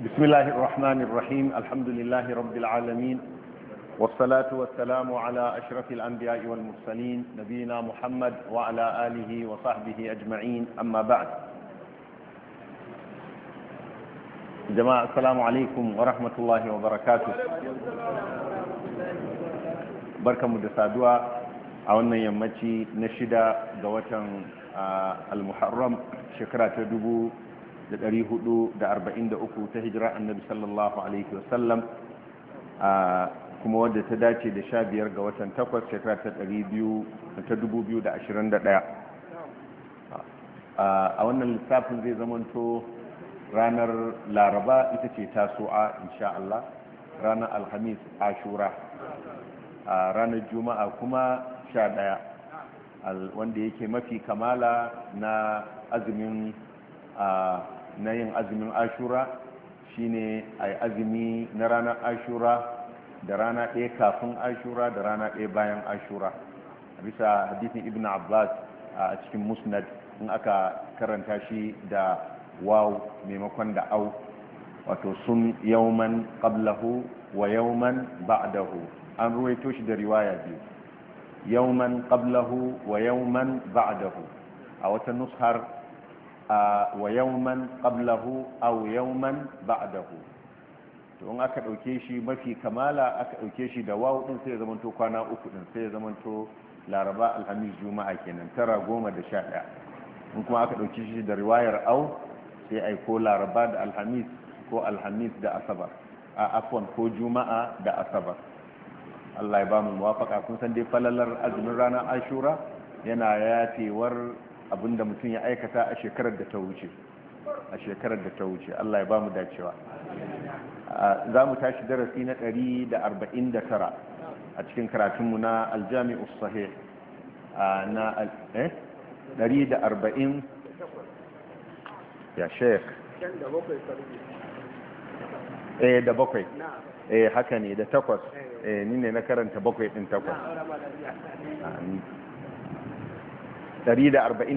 بسم الله الرحمن الرحيم الحمد لله رب العالمين والصلاة والسلام على أشرف الأنبياء والمرسلين نبينا محمد وعلى آله وصحبه أجمعين أما بعد جماعة السلام عليكم ورحمة الله وبركاته بركة مدسادوة أولنا يمتي نشدة دوتا آه، المحرم شكرا تدبو da da arba'in ta hijira annabi sallallahu alaihi wasallam kuma wadda ta dace da sha biyar ga watan takwas shekara ta dari biyu ta dubu biyu da ashirin da daya a wannan lissafin zai zamanto ranar laraba ita ce taso'a insha Allah ranar alhamis ashura a ranar juma'a kuma sha daya wanda yake mafi kamala na azumin na yin azumin ashura shine a yi azumi na ranar ashura da rana ɗaya kafin ashura da rana ɗaya bayan ashura bisa hadisin ibn abbas a cikin musnad in aka karanta shi da waw maimakon da au wato sun yauman qablahu wa yauman ba'dahu an ruwaito shi da riwaya biyu yauman qablahu wa yauman ba'dahu a wata nushar wa yawman qablahu aw yawman ba'dahu to in aka dauke shi mafi kamala aka dauke shi da wawu din sai ya zamanto kwana uku din sai ya zamanto laraba alhamis juma'a kenan tara goma da sha daya in kuma aka dauke shi da riwayar au sai ai ko laraba da alhamis ko alhamis da asabar a afwan ko juma'a da asabar Allah ya ba mu muwafaka kun san dai falalar azumin ranar ashura yana yafewar abinda mutum ya aikata a shekarar da ta wuce a shekarar da ta wuce Allah ya ba mu dacewa za mu tashi darasi na 149 a cikin karatunmu na aljami'u sahih na eh 140 ya sheik eh da bakwai eh haka ne da takwas eh, eh ni ne na karanta bakwai din takwas 148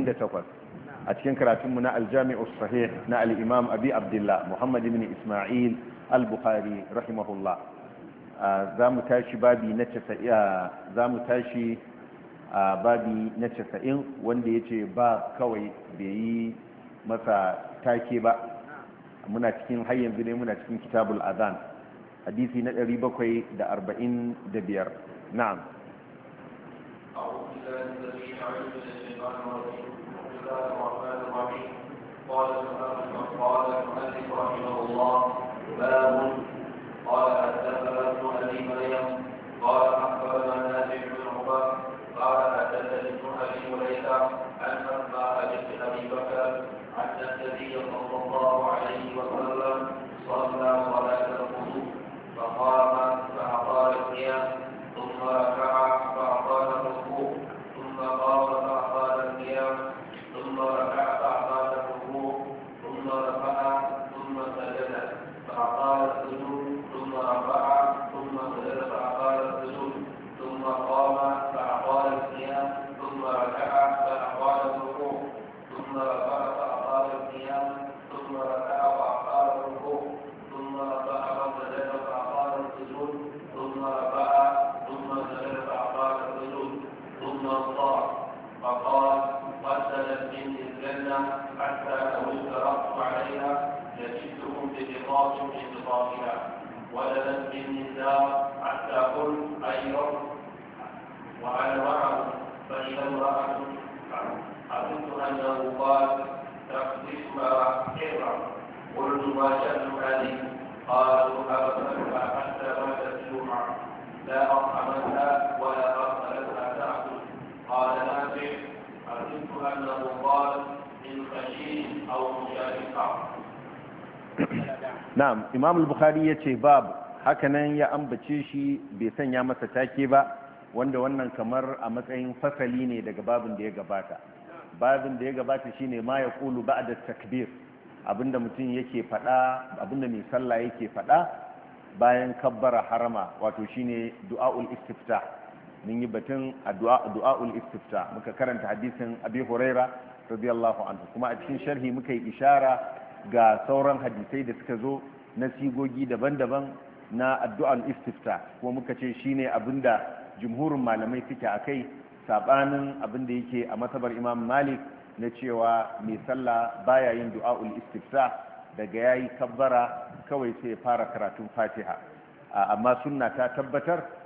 a cikin karatunmu na aljami'ar sahih na al'imam abi abdullah muhammad ibn ismail al-bukhari rahimahullah za mu tashi babi na casa'in wanda ya ce ba kawai bai yi masa take ba muna cikin hanyar yanzu ne muna cikin kitabul azan hadisi na 745 na'am أعوذ بالله من الشيطان الرجيم الشيطان الرجيم بسم الله الرحمن الرحيم قال قال المؤلف رحمه الله باب قال حدثنا ابن ابي مريم قال na'am imam al-bukhari ya ce haka hakanan ya ambace shi bai sanya masa take ba wanda wannan kamar a matsayin fasali ne daga babin da ya gabata babin da ya gabata shine ma ya kulu da takbir abinda mutum yake fada abinda mai sallah yake fada bayan kabbara harama wato shine du'aul istiftah mun yi batun du'a'ul istifta muka karanta hadisin abi huraira radiyallahu anhu kuma a cikin sharhi muka yi ishara ga sauran hadisai da suka zo na sigogi daban-daban na addu'al istifta kuma muka ce shine abinda jumhurin malamai suke akai sabanin abinda yake a matsabar imam malik na cewa mai sallah baya yin du'a'ul istifta daga yayi kabbara kawai sai ya fara karatun fatiha amma sunna ta tabbatar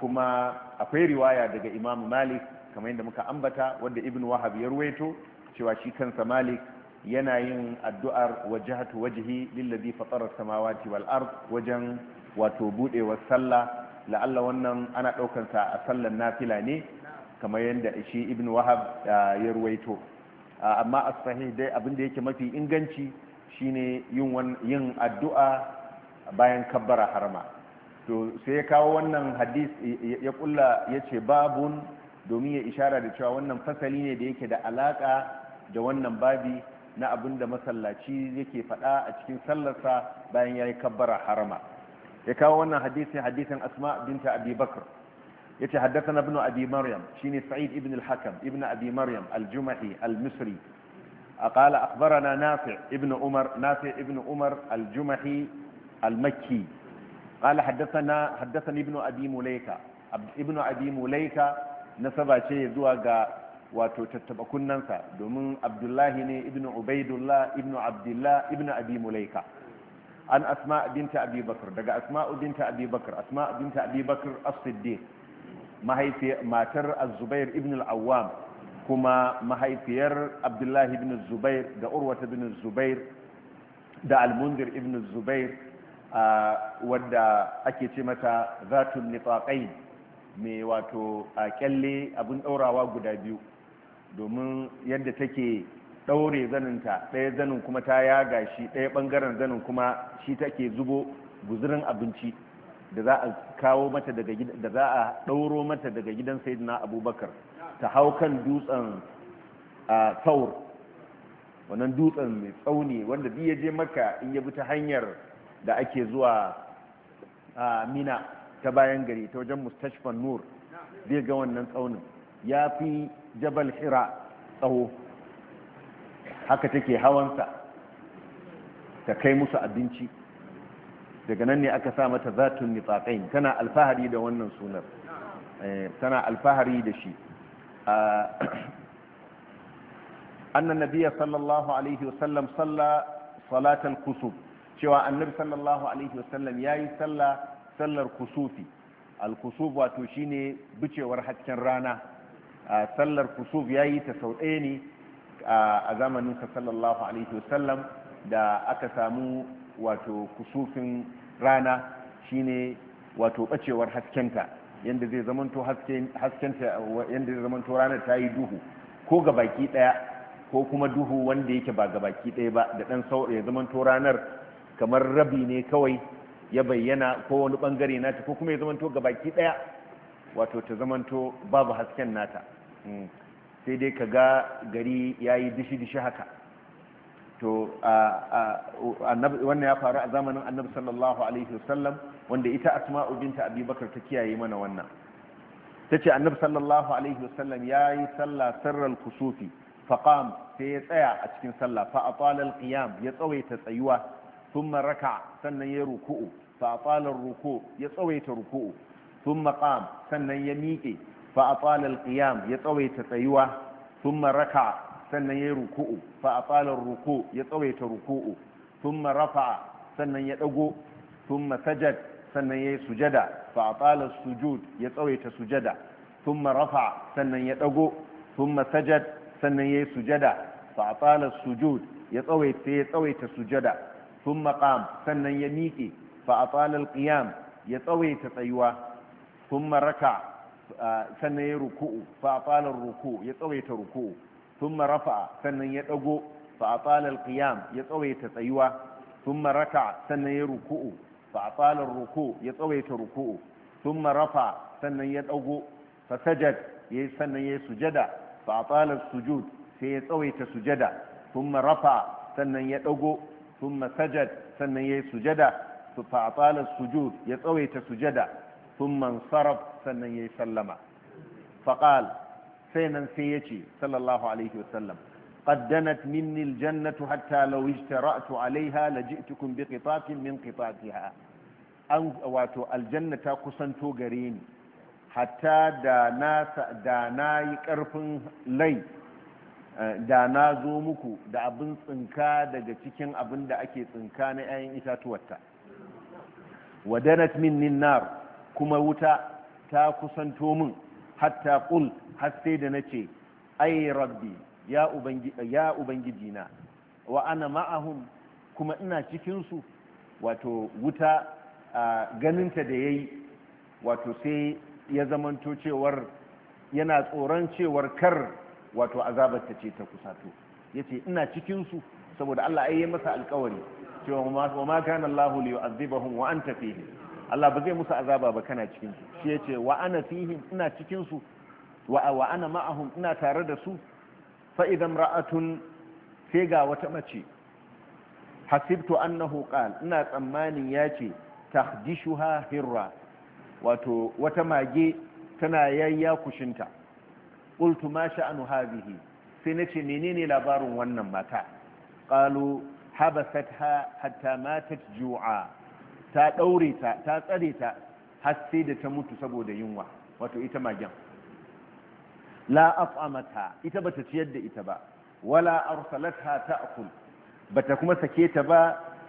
kuma akwai riwaya daga imamu malik kamar yadda muka ambata wanda ibn wahab ya ruwaito cewa shi kansa malik yana yin addu'ar wajahatu wajhi lillazi fatara samawati wal ard wajen wato budewar sallah la'alla wannan ana daukan sa a sallan nafila ne kamar yadda shi ibn wahab ya ruwaito amma as sahih dai abin da yake mafi inganci shine yin yin addu'a bayan kabbara harama to sai ya kawo wannan hadis ya kulla ya ce babun domin ya ishara da cewa wannan fasali ne da yake da alaka da wannan babi na abin da masallaci yake faɗa a cikin sallarsa bayan ya yi kabbara harama ya kawo wannan hadisi hadisin asma binta abi bakr ya ce haddasa ibn abi maryam shine sa'id ibn al-hakam ibn abi maryam al-jumahi al-misri قال أخبرنا umar ابن عمر umar ابن عمر قال حدثنا حدثني ابن ابي مليكه ابن ابي مليكه nasaba ce zuwa ga wato tattaba domin abdullahi ne ibn ubaidullah ibn abdullah ibn abi mulaika an asma binta abi daga asma binta abi bakr asma binta abi bakr matar az-zubair ibn al kuma mahaifiyar abdullahi ibn zubair da urwata ibn zubair da al-mundir zubair wadda ake ce mata zatun nifaqain mai wato a kyalle abin daurawa guda biyu domin yadda take daure zaninta ɗaya zanin kuma ta yaga shi ɗaya ɓangaren zanin kuma shi take zubo guzurin abinci da za a kawo mata daga da za a ɗauro mata daga gidan sayyidina abubakar ta hau kan dutsen saur wannan dutsen mai tsauni wanda duk ya je maka in ya ta hanyar da ake zuwa a mina ta bayan gari ta wajen mustashfan nur zai ga wannan tsaunin ya fi jabal hira tsawo haka take hawansa ta kai musu abinci daga nan ne aka sa mata zatun nitsaƙain tana alfahari da wannan sunar eh, tana alfahari da shi annan nabiya sallallahu alaihi wasallam salla Salatan kusur cewa annabi sallallahu alaihi wasallam ya yi sallah sallar kusufi al-kusuf wato shine bicewar hasken rana sallar kusuf ya yi ta sau ɗaya ne a zamanin sa sallallahu alaihi wasallam da aka samu wato kusufin rana shine wato bacewar haskenta yanda zai zamanto haskenta yanda zai zamanto ranar ta yi duhu ko ga baki daya ko kuma duhu wanda yake ba gabaki baki daya ba da dan sau ya zamanto ranar kamar rabi ne kawai ya bayyana ko wani bangare nata ko kuma ya zamanto ga baki daya wato ta zamanto babu hasken nata hmm. sai dai ka ga gari ya yi dishi-dishi haka to wannan ya faru a zamanin annabi sallallahu alaihi wasallam wanda ita asma'u binta abubakar ta kiyaye mana wannan ta ce annabi sallallahu alaihi wasallam ya yi sallah sarral kusufi faqam sai ya tsaya a cikin sallah fa a atalal qiyam ya tsawaita tsayuwa thumma raka sannan ya ruku'u fa atala ruku ya tsawaita ruku'u thumma qam sannan ya miƙe fa atala alqiyam ya tsawaita tsayuwa thumma raka sannan ya ruku'u fa atala ruku ya tsawaita ruku'u thumma rafa'a sannan ya dago thumma sajad sannan ya sujada fa atala sujud ya tsawaita sujada thumma rafa'a sannan ya dago thumma sajad sannan ya sujada fa atala sujud ya ya tsawaita sujada sun maƙam sannan ya miƙe Fa a fa'afalar ƙiyam ya tsawaita tsayuwa sun maraka sannan ya ruku'u Fa a fa'afalar ruku'u ya tsawaita ruku'u sun marafa sannan ya ɗago Fa a fa'afalar ƙiyam ya tsawaita tsayuwa sun maraka sannan ya ruku'u Fa a fa'afalar ruku'u ya tsawaita ruku'u sun marafa sannan ya ɗago fasajad ya sannan ya sujada Fa a fa'afalar sujud sai ya tsawaita sujada sun marafa sannan ya ɗago ثم سجد سنن يي سجدا فأطال السجود يتويت سجدا ثم انصرف سنن يسلم سلم فقال سينا سيتي صلى الله عليه وسلم قد دنت مني الجنة حتى لو اجترأت عليها لجئتكم بقطات من قطاتها an الجنة aljanna ta حتى دانا دانا hatta da Eh, da na zo muku da abin tsinka daga cikin abin da ake tsinka na 'ya'yan itatuwarta wadanat min kuma wuta ta kusanto min hatta kul har da na ce ai rabbi ya ubangiji na wa ana ma'ahun kuma ina cikinsu wato wuta ganinta da ya yi wato sai ya zamanto cewar yana tsoron cewar kar wato azabar ta ce ta kusato yace ina cikinsu? saboda Allah ai yi masa alƙawari cewa wa ma kana Allah li yu'adhibahum wa anta fihim Allah ba zai musu azaba ba kana cikin su shi yace wa ana fihim ina cikin su wa wa ana ma'ahum ina tare da su fa idan ra'atun sai ga wata mace hasibtu annahu qal ina tsammanin yace tahdishuha hirra wato wata mage tana yayya kushinta qultu ma sha'anu hadhihi sai nace menene labarin wannan mata qalu habasatha hatta matat ju'a ta daure ta ta tsare ta har sai da ta mutu saboda yunwa wato ita magen la af'amata ita bata ciyar da ita ba wala arsalatha ta'kul bata kuma sake ta ba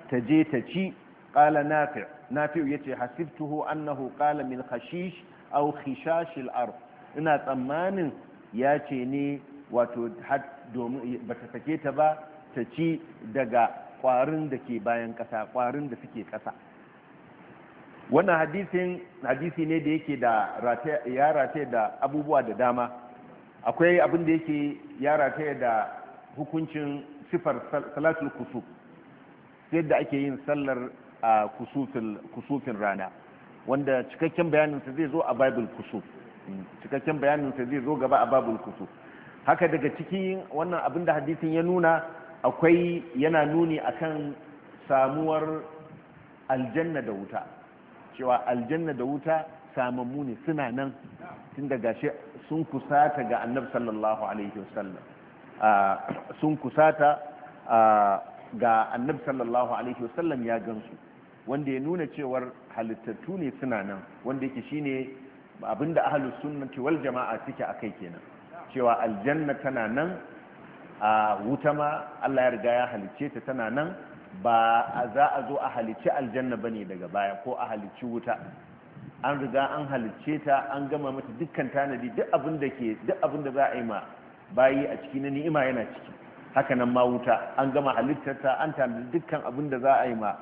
ta je ta ci qala nafi' nafi' yace hasibtuhu annahu qala min khashish aw khishash al-ard ina tsammanin ya ce ne wato ba ta sake ta ba ta ci daga kwarin da ke bayan kasa kwarin da suke kasa wannan hadisin hadisi ne da yake da ya rataya da abubuwa da dama akwai abin da yake ya rataya da hukuncin sifar salatul kusuf yadda ake yin sallar a kusufin rana wanda cikakken bayaninsa zai zo a bible kusuf cikakken bayanin sa zai zo gaba a babul kusu haka daga cikin wannan abin da hadisin ya nuna akwai yana nuni akan samuwar aljanna da wuta cewa aljanna da wuta samammu ne suna nan tun daga shi sun kusata ga annabi sallallahu alaihi wasallam sun kusata ga annabi sallallahu alaihi wasallam ya gansu wanda ya nuna cewar halittattu ne suna nan wanda yake shine abinda ahalus sunnati wal jama'a suke akai kenan cewa aljanna tana nan a wuta ma Allah ya riga ya halicce ta tana nan ba za a zo a halicci aljanna bane daga baya ko a halicci wuta an riga an halicce ta an gama mata dukkan tanadi duk abin da ke duk abin da za a yi ma bayi a ciki na ni'ima yana ciki haka nan ma wuta an gama halittarta an tanadi dukkan abin da za a yi ma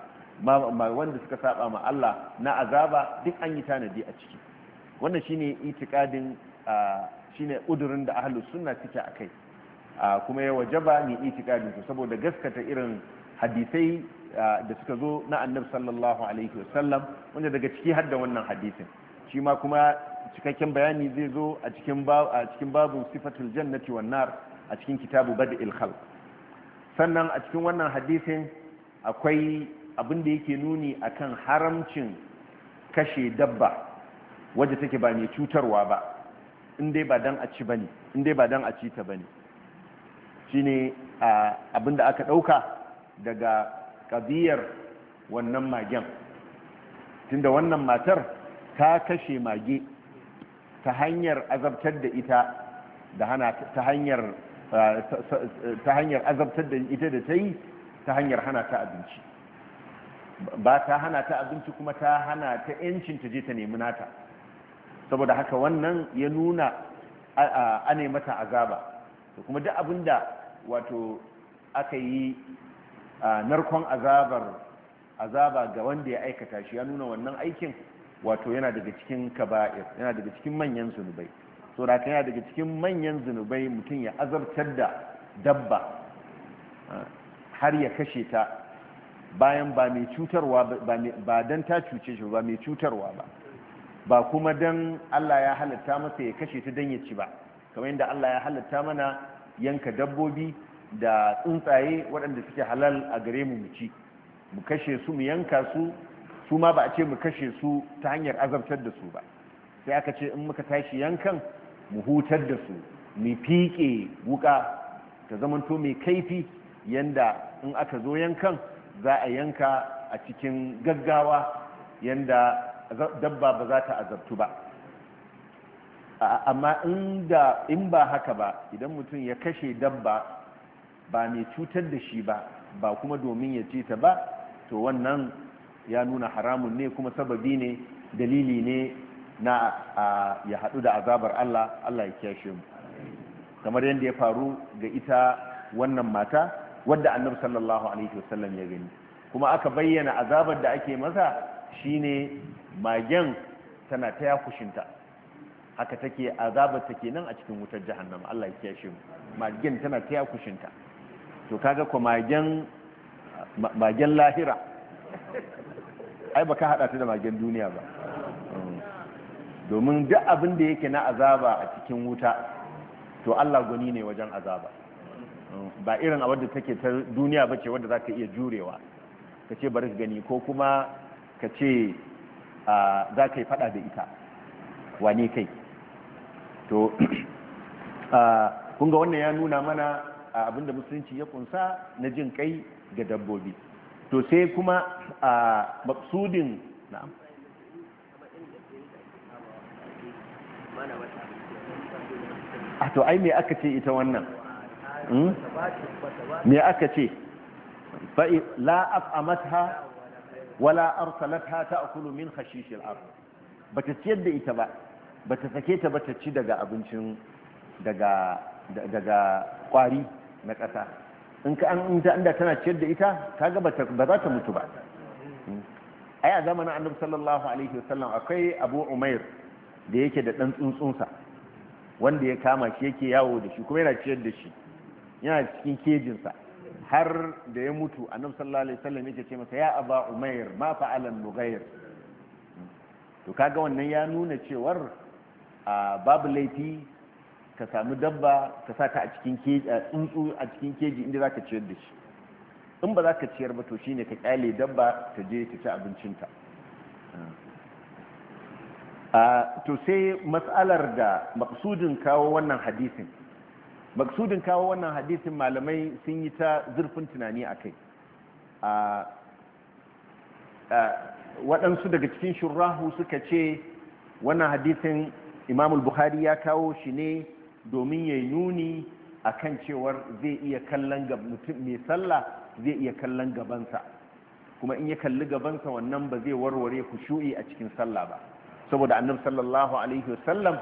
wanda suka saba ma Allah na azaba duk an yi tanadi a ciki wannan shine itikadin shine ƙudurin da ahlus sunna suke kai kuma ya wajaba ni itikadin su saboda gaskata irin hadisai da suka zo na annabi sallallahu alaihi wasallam wanda daga ciki har da wannan hadisin shi ma kuma cikakken bayani zai zo a cikin babu sifatul jannati wan a cikin kitabu bada khalq sannan a cikin wannan hadisin akwai abin da yake nuni akan haramcin kashe dabba wadda take ba mai cutarwa ba in dai ba dan a ci bane in dai ba dan a ci ta ba ne, shi ne abinda aka ɗauka daga ƙabiyar wannan magen tunda wannan matar ta kashe mage ta hanyar azabtar da ita da hana ta hanyar ta hanyar azabtar da ita da ta yi ta hanyar hana ta abinci ba ta hana ta abinci kuma ta hana ta yancin ta je ta nemi nata saboda haka wannan ya nuna a mata azaba to kuma duk abinda wato aka yi narkon azabar azaba ga wanda ya aikata shi ya nuna wannan aikin wato yana daga cikin kaba'ir yana daga cikin manyan zunubai so da yana daga cikin manyan zunubai mutum ya azabtar da dabba har ya kashe ta bayan ba mai cutarwa ba don ta cuce shi ba mai cutarwa ba ba kuma dan Allah ya halitta masa ya kashe ta dan ya ci ba kamar yadda Allah ya halitta mana yanka dabbobi da tsuntsaye waɗanda suke halal a gare mu mu ci mu kashe su mu yanka su su ma ba a ce mu kashe su ta hanyar azabtar da su ba sai aka ce in muka tashi yankan mu hutar da su mu fiƙe wuka ta zamanto mai kaifi yanda in aka zo yankan za a yanka a cikin gaggawa yanda dabba ba za ta azabtu ba amma inda in ba haka ba idan mutum ya kashe dabba ba mai cutar da shi ba ba kuma domin ya ce ta ba to wannan ya nuna haramun ne kuma sababi ne dalili ne na ya haɗu da azabar Allah Allah ya kyashe mu kamar yadda ya faru ga ita wannan mata wadda annabi sallallahu alaihi wasallam ya gani kuma aka bayyana azabar da ake masa shine magen tana ta yakushinta haka take azabar take nan a cikin wutar jahannama Allah ya kiyaye mu magen tana ta yakushinta to kaga ko magen magen lahira ai baka hada ta da magen duniya ba domin duk abin da yake na azaba a cikin wuta to Allah gwani ne wajen azaba ba irin a wadda take ta duniya bace wadda zaka iya jurewa kace bari gani ko kuma ka ce za ka yi fada da ita wane kai to kunga wannan ya nuna mana abinda musulunci ya kunsa na jin kai ga dabbobi to sai kuma a maksudin na'am a to ai me aka ce ita wannan hmm? me aka ce la mata. wala arsalatha ta'kulu min khashish al-ard bata ciyar da ita ba bata sake ta bata ci daga abincin daga daga kwari na ƙasa in ka an inda inda tana ciyar da ita kaga bata ba za ta mutu ba hmm. ai a zamanin annabi sallallahu alaihi wasallam akwai abu umair da yake da dan tsuntsunsa wanda ya kama shi yake yawo da shi kuma yana ciyar da shi yana cikin kejinsa har da ya mutu annabi sallallahu alaihi wasallam yake ce masa ya aba umair ma fa'alan nughayr to kaga wannan ya nuna cewar babu laifi ka samu dabba ka saka a cikin keji tsuntsu a cikin keji inda zaka ciyar da shi in ba za ka ciyar ba to shine ka kyale dabba ta je ta ci abincin ta to sai matsalar da maksudin kawo wannan hadisin maksudin kawo wannan hadisin malamai sun yi ta zurfin tunani a kai waɗansu daga cikin shurrahu suka ce wannan hadisin imamul buhari ya kawo shi ne domin ya nuni a kan cewar zai iya kallon mutum mai sallah zai iya kallon gabansa kuma in ya kalli gabansa wannan ba zai warware ku shu'i a cikin sallah ba saboda annabi sallallahu alaihi wasallam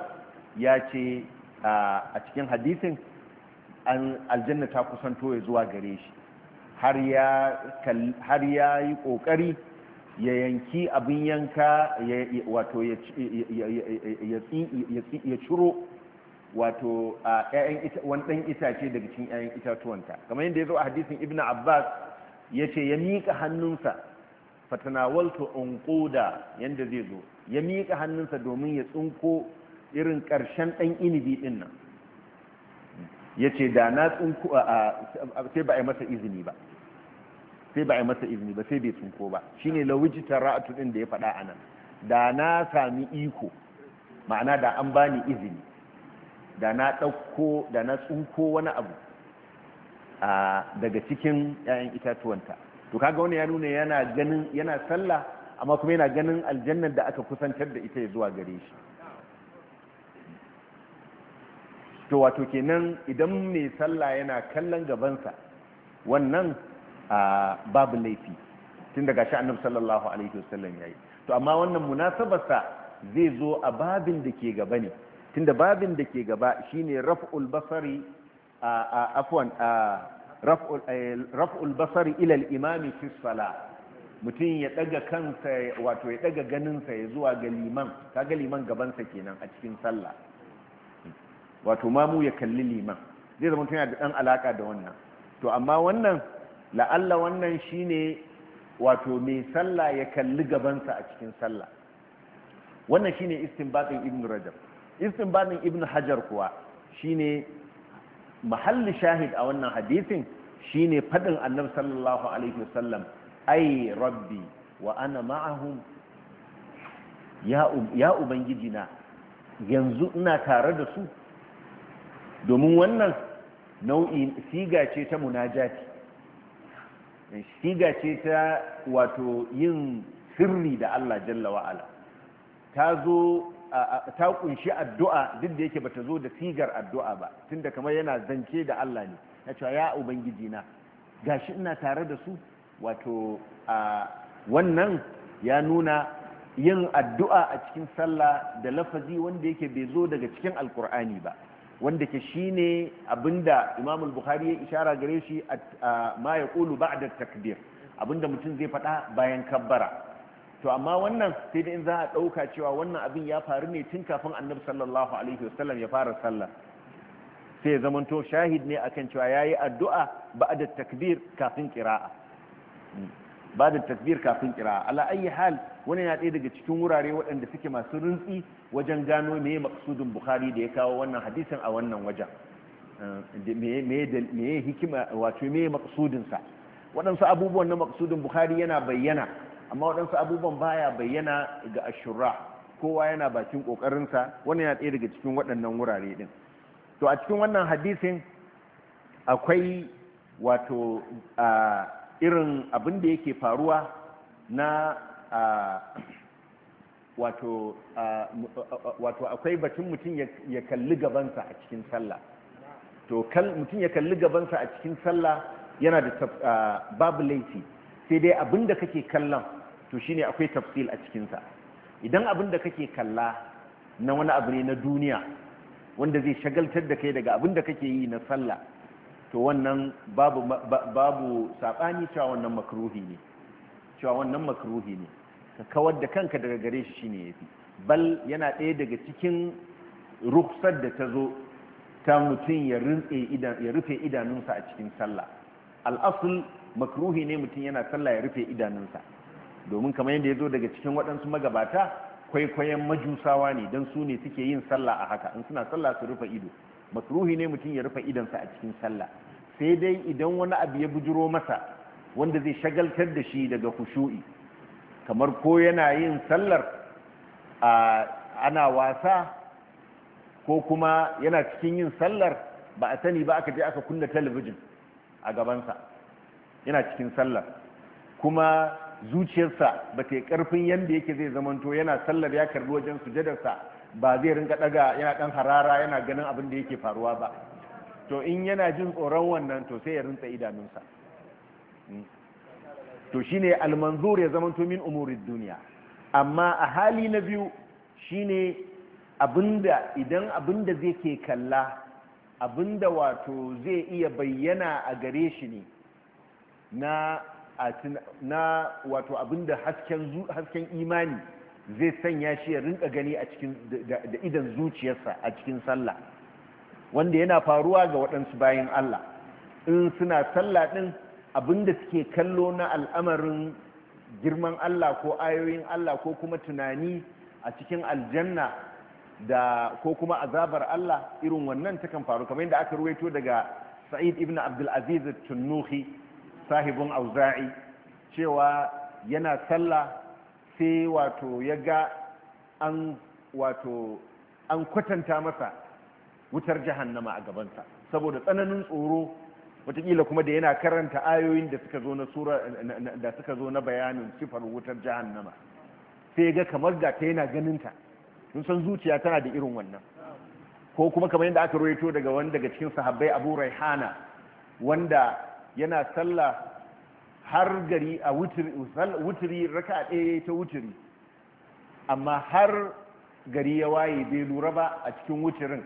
ya ce a cikin hadisin an aljanna ta kusanto ya zuwa gare shi har ya yi ƙoƙari ya yanki abin yanka wato ya ciro wato wani ɗan itace daga cikin 'ya'yan itatuwanta kamar yadda ya zo a hadisin ibn abbas ya ce ya miƙa hannunsa fatanawaltu ƙoda yadda zai zo ya miƙa hannunsa domin ya tsinko irin ƙarshen ɗan inibi ɗin nan ya ce da na tsunko sai ba a yi masa izini ba sai ba a yi masa izini ba sai bai tsunko ba shi ne lawijitar ra'atu ɗin da ya faɗa a nan da na sami iko ma'ana da an bani izini da na ɗauko da na tsunko wani abu daga cikin 'ya'yan itatuwanta to kaga wani ya nuna yana ganin yana sallah amma kuma yana ganin aljannar da aka kusantar da ita ya zuwa gare shi to wato kenan idan mai sallah yana kallon gabansa wannan babu laifi tun daga shi annabi sallallahu alaihi wasallam yayi to amma wannan munasabarsa zai zo a babin da ke gaba ne tunda babin da ke gaba shine raf'ul basari afwan raf'ul basari ila al-imam mutum ya daga kansa wato ya daga ganinsa ya zuwa ga liman kaga liman gabansa kenan a cikin sallah wato mamu ya kalli liman zai zama tana da ɗan alaƙa da wannan to amma wannan la'alla wannan shine wato mai sallah ya kalli gabansa a cikin sallah wannan shine istinbatin ibn rajab istinbatin ibn hajar kuwa shine mahalli shahid a wannan hadisin shine fadin annabi sallallahu alaihi wasallam rabbi wa ana ma'ahum ya ubangiji na yanzu ina tare da su domin wannan nau'i siga ce ta munajati siga ce ta wato yin sirri da Allah jalla wa'ala ta zo ta kunshi addu'a duk da yake bata zo da sigar addu'a ba tunda kamar yana zance da Allah ne ya cewa ya ubangiji na gashi ina tare da su wato a wannan ya nuna yin addu'a a cikin sallah da lafazi wanda yake bai zo daga cikin alkur'ani ba wanda ke shine abinda imamul al-Bukhari ya ishara gare shi ma yaqulu ba'da takbir abinda mutum zai faɗa bayan kabbara to amma wannan sai da in za a ɗauka cewa wannan abin ya faru ne tun kafin annabi sallallahu alaihi wasallam ya fara sallah sai ya zamanto shahid ne akan cewa yayi addu'a da takbir kafin qira'a hmm. Ba da takbir kafin kira ala ayi hal wani na ɗaya daga cikin wurare waɗanda suke masu rintsi wajen gano me maksudin bukhari da ya kawo wannan hadisin a wannan wajen eh, me hikima wato me maksudin sa waɗansu abubuwan na maksudin bukhari yana bayyana amma waɗansu abubuwan baya bayyana ga ashura kowa yana bakin ƙoƙarinsa wani na ɗaya daga cikin waɗannan wurare ɗin to a cikin wannan hadisin akwai wato ah, irin abin da yake faruwa na wato akwai batun mutum ya kalli gabansa a cikin sallah to mutum ya kalli gabansa a cikin sallah yana da babu laifi sai dai abin da kake kallon to shine akwai tafsil a cikinsa idan abin da kake kalla na wani abu ne na duniya wanda zai shagaltar da kai daga abin da kake yi na sallah to wannan babu babu sabani cewa wannan makruhi ne cewa wannan makruhi ne ka kawar da kanka daga gare shi shine yafi bal yana ɗaya daga cikin rukhsar da ta zo ta mutum ya rufe idanunsa a cikin sallah al'asul makruhi ne mutum yana sallah ya rufe idanunsa domin kamar yadda ya zo daga cikin waɗansu magabata kwaikwayon majusawa ne don su ne suke yin sallah a haka in suna sallah su rufe ido makruhi ne mutum ya rufe idansa a cikin sallah sai dai idan wani abu ya bujuro masa wanda zai shagaltar da shi daga kushu'i kamar ko yana yin sallar a ana wasa ko kuma yana cikin yin sallar ba a sani ba aka je aka kunna talabijin a gabansa yana cikin sallar kuma zuciyarsa ba ta yi karfin yadda yake zai zamanto yana sallar ya karbi wajen sujadarsa ba zai rinka daga yana dan harara yana ganin abin da yake faruwa ba to in yana jin tsoron wannan to sai ya rinsa idanunsa hmm. to shine almanzur ya zama min umurin duniya amma a hali na biyu shine abinda idan abinda zai ke kalla abinda wato zai iya bayyana a gare shi ne na na wato abinda hasken hasken imani zai sanya shi ya rinka gani a cikin da idan zuciyarsa a cikin sallah wanda yana faruwa ga waɗansu bayan Allah in suna sallah ɗin abinda suke kallo na al'amarin girman Allah ko ayoyin Allah ko kuma tunani a cikin aljanna da ko kuma azabar Allah irin wannan takan faru kamar yadda aka ruwaito daga Sa'id ibn Abdulaziz Aziz tunnuhi sahibin Auza'i cewa yana sallah sai wato ya ga an wato an kwatanta masa wutar jahannama a gabansa saboda tsananin tsoro watakila kuma da yana karanta ayoyin da suka zo na da suka zo na bayanin sifar wutar jahannama sai ga kamar ga ta yana ganinta sun san zuciya tana da irin wannan ko kuma kamar yadda aka roito daga wani daga cikin sahabbai abu raihana wanda yana sallah har gari a wuturi raka ɗaya ta wuturi amma har gari ya waye bai lura ba a cikin wuturin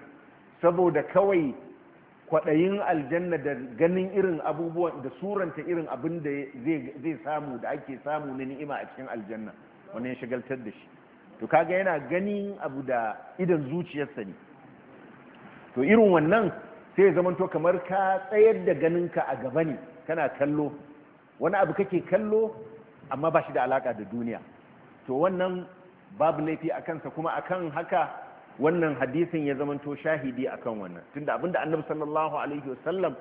saboda kawai kwaɗayin aljanna da ganin irin abubuwan da suranta irin abin da zai samu da ake samu na ni'ima a cikin aljanna wannan ya shagaltar da shi to kaga yana ganin abu da idan zuciyarsa ne to irin wannan sai ya zamanto kamar ka tsayar da ganinka a gaba ne kana kallo wani abu kake kallo amma ba shi da alaka da duniya to wannan babu laifi a kansa kuma akan haka wannan hadisin ya zamanto shahidi akan wannan tunda abinda annabi sallallahu alaihi wasallam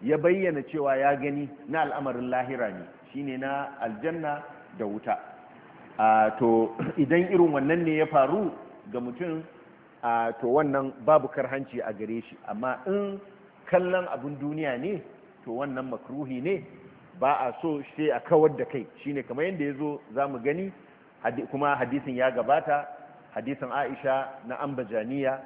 ya bayyana cewa ya gani na al'amarin lahira ne shine na aljanna da wuta to idan irin wannan ne ya faru ga mutum to wannan babu karhanci a gare shi amma in kallon abin duniya ne to wannan makruhi ne ba a so sai a kawar da kai shine kamar yadda ya zo za mu gani kuma hadisin ya gabata Hadisan aisha na ambajaniya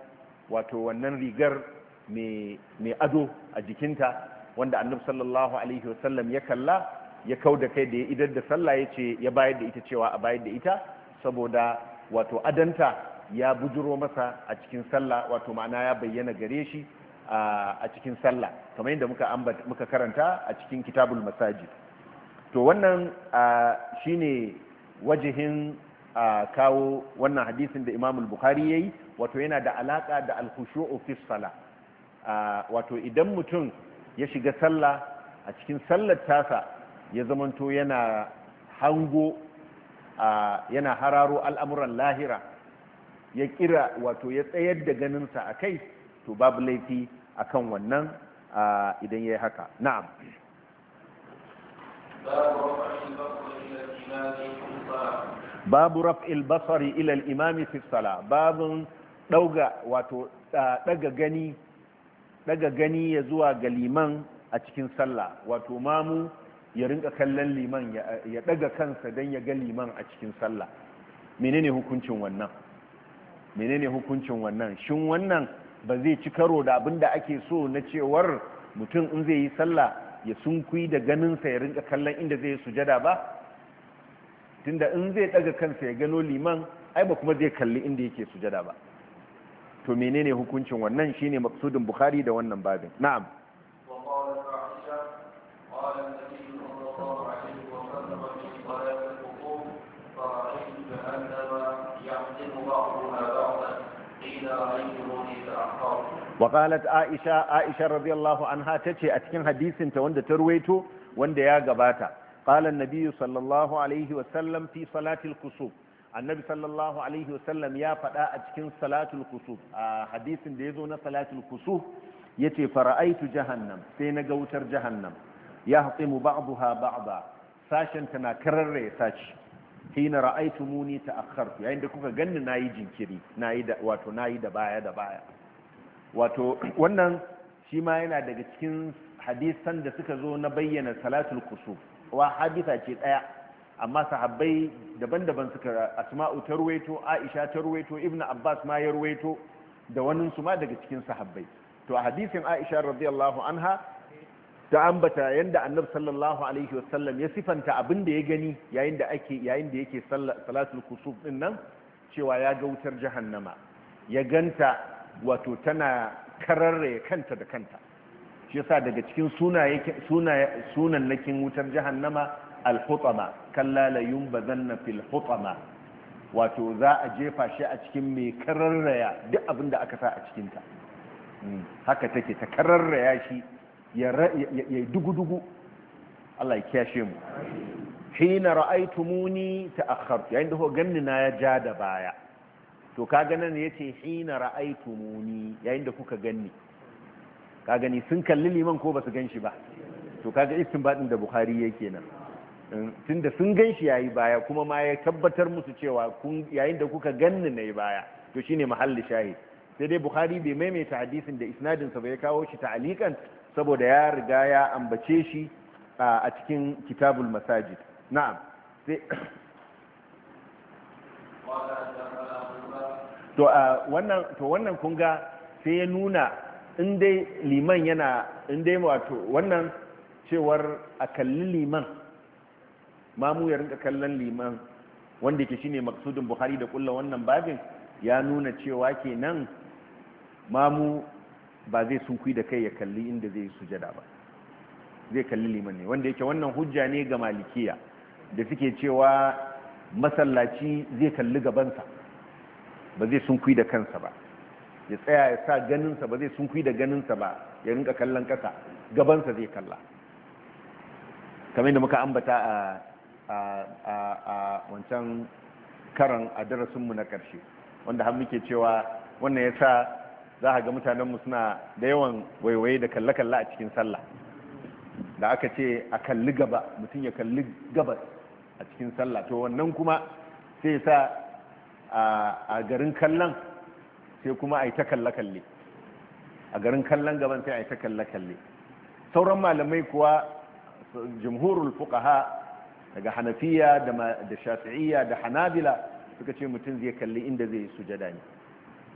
wato wannan rigar mai ado a jikinta wanda annab sallallahu alaihi wasallam ya kalla ya kau da kai da ya idar da sallah ya ce ya bayar da ita cewa a bayar da ita saboda wato adanta ya bujuro masa a cikin sallah wato ma'ana ya bayyana gare shi a cikin sallah kamar yadda muka muka karanta a cikin kitabul masajid to wannan shine wajihin kawo wannan hadisin da imam bukhari ya yi wato yana da alaka da alkushu'u fi sala wato idan mutum ya shiga sallah a cikin sallar tasa ya zamanto yana hango yana hararo al'amuran lahira ya kira wato ya tsayar da ganinsa a kai to babu laifi akan wannan idan ya yi haka na'am you. babu raf'il basari ila al-imami fi sala dauga wato daga gani daga gani ya zuwa ga liman a cikin sallah wato mamu ya rinka kallon liman ya daga kansa don ya ga liman a cikin sallah menene hukuncin wannan menene hukuncin wannan shin wannan ba zai ci karo da abin da ake so na cewar mutum in zai yi sallah ya sunkui da ganinsa ya rinka kallon inda zai sujada ba tunda in zai daga kansa ya gano liman ai ba kuma zai kalli inda yake sujada ba to menene hukuncin wannan shine maksudin bukhari da wannan babin na'am وقالت عائشة عائشة رضي الله عنها تتي أتكين حديث انت وانت ترويتو وانت يا قباتا قال النبي صلى الله عليه وسلم في صلاة الكسوف النبي صلى الله عليه وسلم يا فدا أتكن صلاة الكسوف حديث ديزونا صلاة الكسوف يتي فرأيت جهنم سين قوتر جهنم يهطم بعضها بعضا ساشن تنا كرر ساش حين رأيتموني تأخرت يعني كوكا قن ناي جنكري ناي دا واتو ناي دا بايا دا بايا واتو ونن شما ينا دا تكن حديثا دا سكزو نبين صلاة الكسوف wa hadisa ce daya amma sahabbai daban-daban suka asma'u ta ruwaito aisha ta ruwaito ibn abbas ma ya ruwaito da wani su ma daga cikin sahabbai to a hadisin aisha radiyallahu anha ta ambata yanda annabi sallallahu alaihi wasallam ya sifanta abin da ya gani yayin da ake yayin da yake salatul kusuf din nan cewa ya ga wutar jahannama ya ganta wato tana kararre kanta da kanta shi yasa daga cikin sunan nakin wutar jahannama al-hutama kalla yunbazanna fil hutama wato za a jefa shi a cikin mai kararraya duk abin da aka sa a cikinta hmm, haka take ta kararraya shi ya dugu-dugu Allah ya kyashe mu hina ra'aitumuni ta'akhartu yayin da ho ganni na ya ja da baya to kaga nan yace hina muni yayin da kuka ganni ka gani sun kalli liman ko ba su gan shi ba to kaga istinbadin da bukhari yake nan mm, tunda sun gan shi yayi baya kuma ma ya tabbatar musu cewa yayin da kuka ganni yi baya to shine mahalli shahid sai dai bukhari bai maimaita hadisin da isnadin sa bai kawo shi ta'alikan saboda ya riga ya ambace shi a cikin kitabul masajid na'am sai to wannan to wannan kunga sai ya nuna in dai liman yana in dai wato wannan cewar a kalli liman mamu ya rinka kallon liman wanda ke shine maksudin buhari da kulla wannan babin ya nuna cewa kenan mamu ba zai sunkui da kai ya kalli inda zai sujada ba zai kalli liman ne wanda yake wannan hujja ne ga malikiya da suke cewa masallaci zai kalli gabansa ba zai sunkui da kansa ba ya tsaya ya sa ganinsa ba zai sunkui da ganinsa ba ya rinka kallon kasa gabansa zai kalla kamar da muka ambata a wancan karan a darasinmu na karshe wanda har muke cewa wannan ya sa za a ga mutanenmu suna da yawan waiwaye da kalle-kalle a cikin sallah da aka ce a kalli gaba mutum ya kalli gabas a cikin sallah to wannan kuma sai sa a garin kallon sai kuma a yi ta kalle-kalle a garin kallon gaban sai a yi ta kalle-kalle sauran malamai kuwa jimhurul fuqaha daga hanafiya da shafi'iyya da hanabila suka ce mutum zai kalli inda zai sujada ne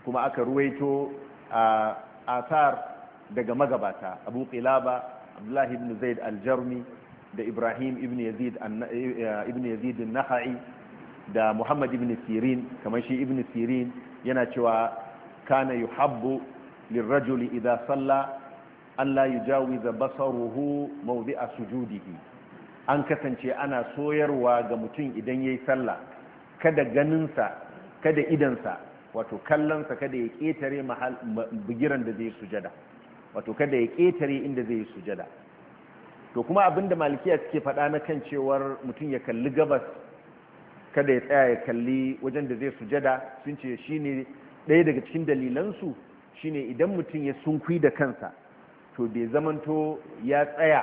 kuma aka ruwaito a asar daga magabata abu qilaba abdullahi ibn zaid al-jarmi da ibrahim ibn yazid ibn yazid nahai da muhammad ibn sirin kamar shi ibn sirin yana cewa kana habbu lirrajuli idza salla an la yujawiza basaruhu a sujudihi an kasance ana soyarwa ga mutum idan ya yi sallah kada ganinsa kada idansa wato kallonsa kada ya ƙetare bigiran da zai sujada wato kada ya ƙetare inda zai sujada to kuma abinda malikiya suke faɗa na kan cewar mutum ya kalli gabas kada ya tsaya ya kalli wajen da zai sujada sun ce shine ɗaya daga cikin dalilansu shine idan mutum ya sunkwi da kansa to bai zamanto ya tsaya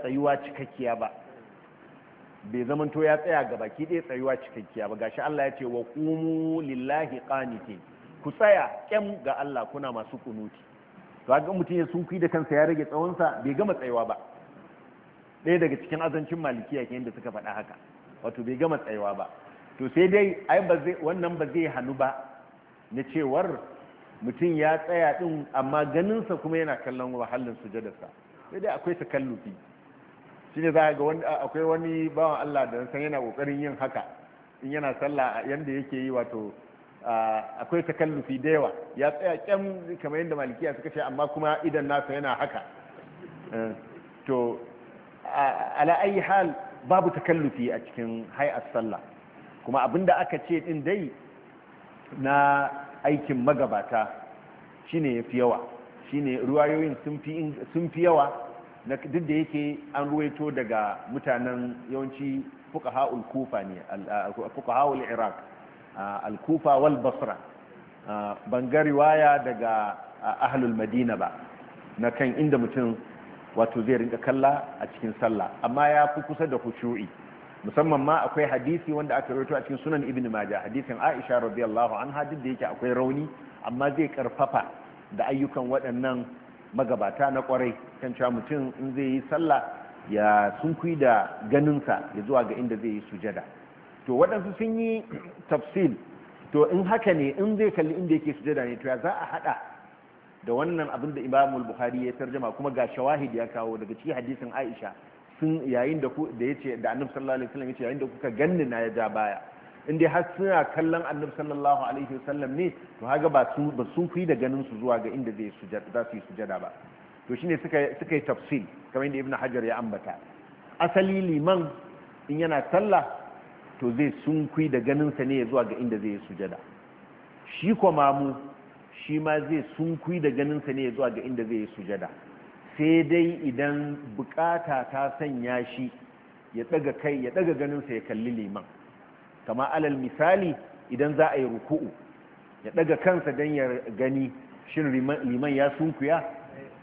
tsayuwa cikakkiya ba bai zamanto ya tsaya ga baki ɗaya tsayuwa cikakkiya ba gashi Allah ya ce wa ƙumu lillahi ƙanite ku tsaya kyam ga Allah kuna masu kunuti to ga mutum ya sunkwi da kansa ya rage tsawonsa bai gama tsayuwa ba ɗaya daga cikin azancin malikiya ke yadda suka faɗa haka wato bai gama tsayuwa ba to sai dai ai wannan ba zai hannu ba na cewar mutum ya tsaya din amma ganinsa kuma yana kallon wahalin sujadarsa sai dai akwai takallufi shi ne za ga wani akwai wani bawan Allah da san yana kokarin yin haka in yana sallah yanda yake yi wato akwai takallufi da yawa ya tsaya kyan kamar yadda malikiya suka ce amma kuma idan nasa yana haka eh, to ala ayi hal babu takallufi a cikin hay'ar sallah kuma da aka ce din dai na aikin magabata shine yafi yawa shine ruwayoyin sun fi yawa duk da yake an ruwaito daga mutanen yawanci fuqaha'ul kufa ne fuqaha'ul iraq al-kufa wal basra ban ga riwaya daga ahlul madina ba na kan inda mutum wato zai rinka kalla a cikin sallah amma ya fi kusa da khushu'i musamman ma akwai hadisi wanda aka rawaito a cikin sunan ibn majah hadisin aisha radiyallahu anha duk da yake akwai rauni amma zai karfafa da ayyukan waɗannan magabata na kwarai kan cewa mutum in zai yi sallah ya sunkui da ganinsa ya zuwa ga inda zai yi sujada to waɗansu sun yi tafsil to in haka ne in zai kalli inda yake sujada ne to ya za a haɗa da wannan abin da imamul bukhari ya tarjama kuma ga shawahid ya kawo daga cikin hadisin aisha sun yayin da ku da yace da annabi sallallahu alaihi wasallam yace yayin da kuka ganni na ya ja baya inda har suna kallon annabi sallallahu alaihi wasallam ne to haga ba su ba sun fi da ganin su zuwa ga inda zai sujada za su yi sujada ba to shine suka suka yi tafsil kamar yadda ibnu hajar ya ambata asali liman in yana sallah to zai sunkwi da ganin sa ne zuwa ga inda zai sujada shi kuma mu shi ma zai sunkwi da ganin sa ne zuwa ga inda zai sujada sai dai idan bukata ta sanya shi ya daga kai ya daga ganinsa ya kalli liman kama alal misali idan za a yi ruku'u ya daga kansa dan ya gani shin liman ya sunkuya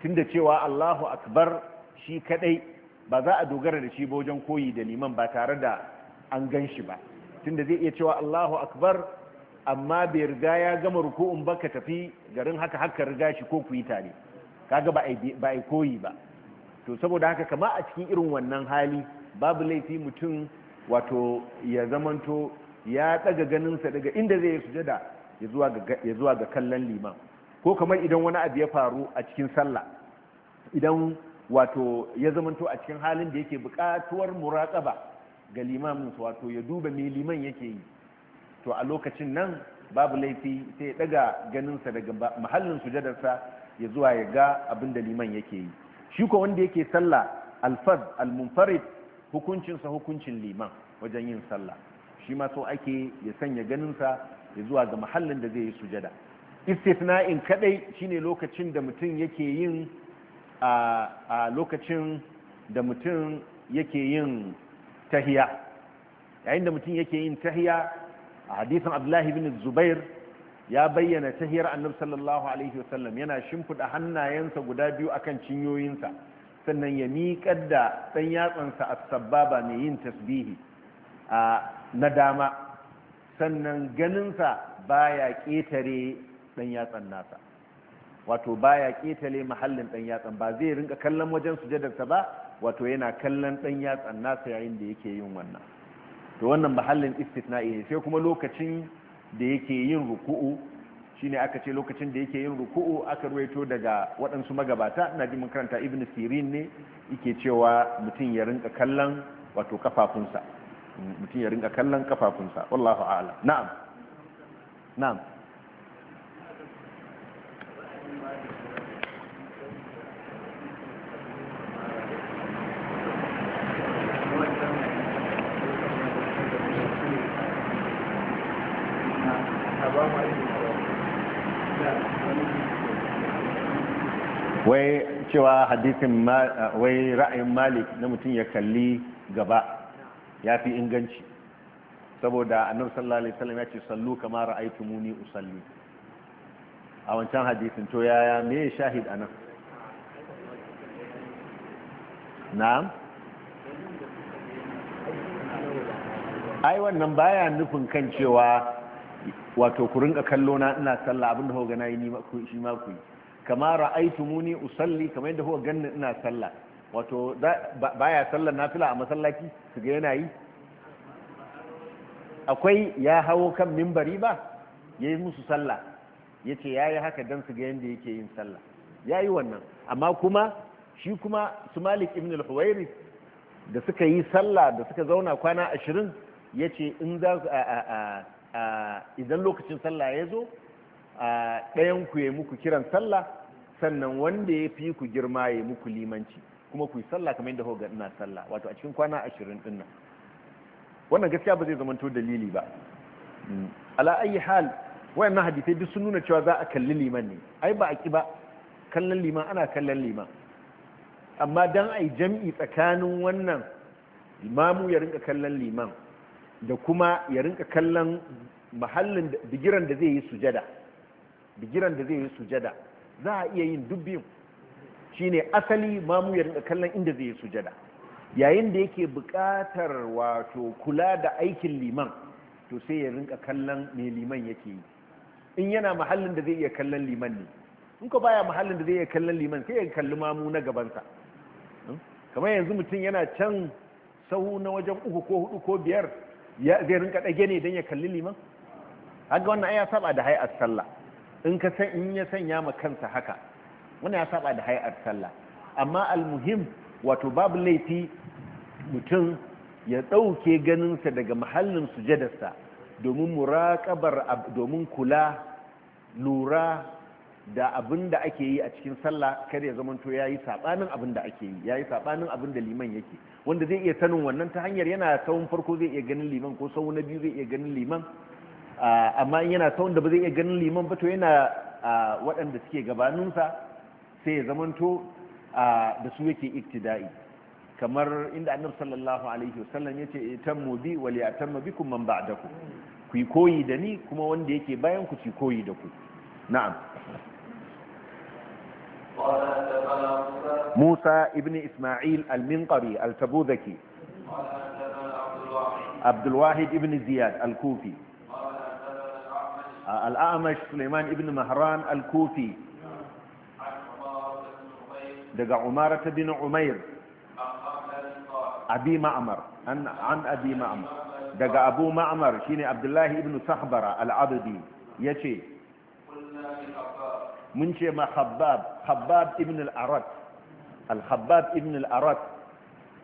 tunda cewa allahu akbar shi kadai ba za a dogara da shi ba wajen koyi da liman ba tare da an gan shi ba tunda zai iya cewa allahu akbar amma bai riga ya gama ruku'un ba ka tafi garin haka haka riga shi ko ku yi tare kaga ba ba koyi ba to saboda haka kama a cikin irin wannan hali babu laifi mutum wato ya zamanto ya daga ganinsa daga inda zai yi sujada ya zuwa ga kallon liman ko kamar idan wani abu ya faru a cikin sallah idan wato ya zamanto a cikin halin da yake buƙatuwar muraqaba ga limaminsa wato ya duba me liman yake yi to a lokacin nan babu laifi sai ya daga ganinsa daga mahallin sujadarsa ya zuwa ya ga abin da liman yake yi shi ko wanda yake sallah alfaz almunfarid hukuncinsa hukuncin liman wajen yin sallah shi ma so ake ya sanya ganinsa ya zuwa ga mahallin da zai yi sujada istisna'in kadai shine lokacin da mutum yake yin a lokacin da mutum yake yin tahiya yayin da mutum yake yin tahiya a hadisin abdullahi bin zubair ya bayyana tahiyar annabi sallallahu alaihi wasallam yana shimfiɗa hannayensa guda biyu akan cinyoyinsa sannan ya miƙar da ɗan yatsansa a sababa mai yin tasbihi na dama sannan ganinsa baya ƙetare ɗan yatsan nasa wato baya ƙetare mahallin ɗan yatsan ba zai rinka kallon wajen sujadarsa ba wato yana kallon ɗan yatsan nasa yayin da yake yin wannan to wannan mahallin istitna'i ne sai kuma lokacin da yake yin ruku'u shine aka ce lokacin da yake yin ruku'u aka ruwaito daga waɗansu magabata na ji mun ibn sirin ne yake cewa mutum ya rinka kallon wato kafafunsa mutum ya rinka kallon kafafunsa wallahu a'lam na'am na'am wai cewa hadisin wai ra'ayin malik na mutum ya kalli gaba ya fi inganci saboda annabi sallallahu alaihi wasallam ya ce sallu kama ra'aytumuni usalli a wancan hadisin to yaya me shahid anan na'am ai wannan baya nufin kan cewa wato ku rinka kallo na ina sallah abinda hoga nayi ni shi ma ku yi kama muni usalli kamar yadda huwa ganni ina sallah wato baya sallar nafila a masallaci su ga yana yi akwai ya hawo kan mimbari ba ya musu sallah yace yayi haka dan su ga yadda yake yin sallah ya wannan amma kuma shi kuma su malik ibn al da suka yi sallah da suka zauna kwana ashirin yace in za idan lokacin sallah ya zo a ɗayan ku ya muku kiran sallah sannan wanda ya fi ku girma ya muku limanci kuma ku yi sallah kamar yadda hoga ina sallah wato a cikin kwana ashirin ɗin nan wannan gaskiya ba zai zamanto dalili ba ala ayi hal wayannan hadisai duk sun nuna cewa za a kalli liman ne ai ba a ki ba kallon liman ana kallon liman amma dan ai jam'i tsakanin wannan imamu ya rinka kallon liman da kuma ya rinka kallon mahallin bigiran da zai yi sujada bigiran da zai yi sujada za a iya yin duk biyun ne asali mamu ya rinka kallon inda zai yi sujada yayin da yake bukatar wato kula da aikin liman to sai ya rinka kallon me liman yake yi in yana mahallin da zai iya kallon liman ne in ka baya mahallin da zai iya kallon liman sai ya kalli mamu na gabansa hmm? kamar yanzu mutum yana can sahu na wajen uku ko hudu ko biyar zai rinka ɗage ne don ya kalli liman haka wannan ya saba da hayar sallah in ka san in ya sanya ma kansa haka wani ya saba da hay'ar sallah amma almuhim wato babu laifi mutum ya ɗauke ganinsa daga mahallin sujadarsa domin muraƙabar domin kula lura da abinda da ake yi a cikin sallah kar ya zamanto ya yi saɓanin abin da ake yi ya yi saɓanin abin da liman yake wanda zai iya sanin wannan ta hanyar yana tsawon farko zai iya ganin liman ko sau na biyu zai iya ganin liman amma in yana ta wanda ba zai iya ganin liman ba to yana waɗanda suke gabaninsa sai ya zamanto da su yake iktida'i kamar inda annabi sallallahu alaihi wasallam yace mu bi wa bi bikum man ba'dakum ku yi koyi da ni kuma wanda yake bayan ku ci koyi da ku na'am al-Minqari al-Tabuzaki Abdul Wahid ibn Ziyad al-Kufi al'amash suleiman ibn mahran al-kufi daga umara ta bin umair abi ma'amar an abi ma'amar daga abu ma'amar shine abdullahi ibn sahbara al-abdi ya ce mun ce ma Habab, Habab ibn al-arat al habab ibn al-arat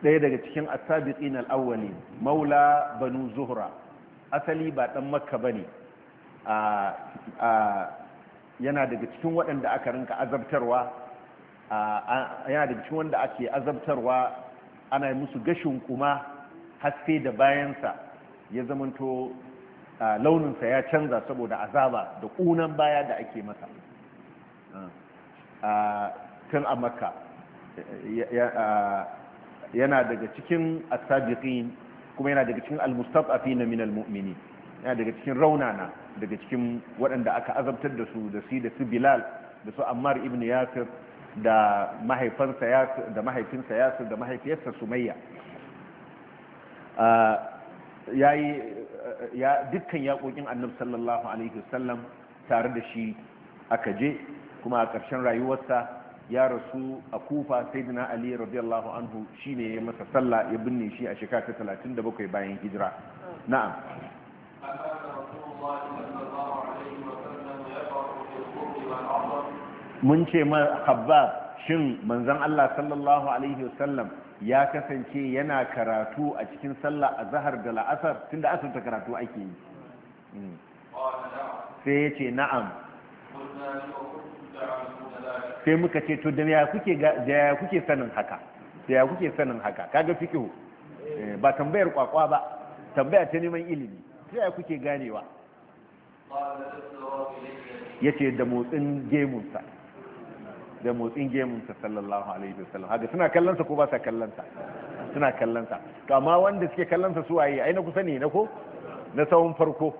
ɗaya daga cikin asabiqin al-awwali maula banu zuhra asali ba ɗan makka ba ne. yana daga cikin waɗanda aka rinka azabtarwa yana daga cikin wanda ake azabtarwa ana yi musu gashin kuma haske da bayansa ya zamanto launinsa ya canza saboda azaba da ƙunan baya da ake masa tun a makka yana daga cikin asabiqin kuma yana daga cikin almustafafi na minal mu'mini yana daga cikin raunana daga cikin waɗanda aka azabtar da su da su da su bilal da su ammar ibn yasir da mahaifinsa yasir da da mahaifiyarsa sumayya ah, ya dukkan yaƙoƙin annabi sallallahu alaihi wasallam tare da shi aka je kuma a ƙarshen rayuwarsa ya rasu a kufa sayyidina ali radiyallahu anhu shine ya masa sallah ya binne shi a shekara ta 37 bayan hijira na'am mun ce ma habba shin manzon Allah sallallahu alaihi wasallam ya kasance yana karatu a cikin sallah a zahar da la'asar tunda asar ta karatu ake yi hmm. sai ya ce na'am sai muka ce to da ya kuke sanin haka da ya kuke sanin haka kaga fikihu eh, ba tambayar kwakwa ba tambaya ta neman ilimi sai ya kuke ganewa ya ce da motsin gemunsa da motsin gemunsa sallallahu alaihi wasallam haka suna kallonsa ko ba sa kallonsa suna kallonsa to amma wanda suke kallonsa su waye ai na kusa ne na ko na tsawon farko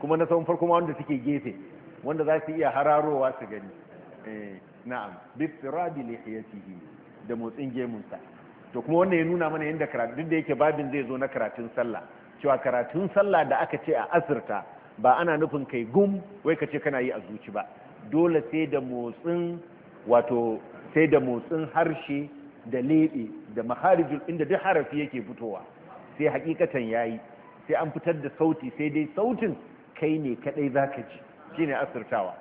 kuma na tsawon farko ma wanda suke gefe wanda za su iya hararowa su gani eh, na'am bi sirabi lihiyatihi da motsin gemunsa to kuma wannan ya nuna mana yanda karatu duk da yake babin zai zo na karatun sallah cewa karatun sallah da aka ce a asirta. ba ana nufin kai gum wai ka ce kana yi a zuci ba dole sai da motsin wato sai da motsin harshe da leɗe da maharijul inda duk harafi yake fitowa sai hakikatan yayi sai an fitar da sauti sai dai sautin kai ne kadai zaka ji shine asirtawa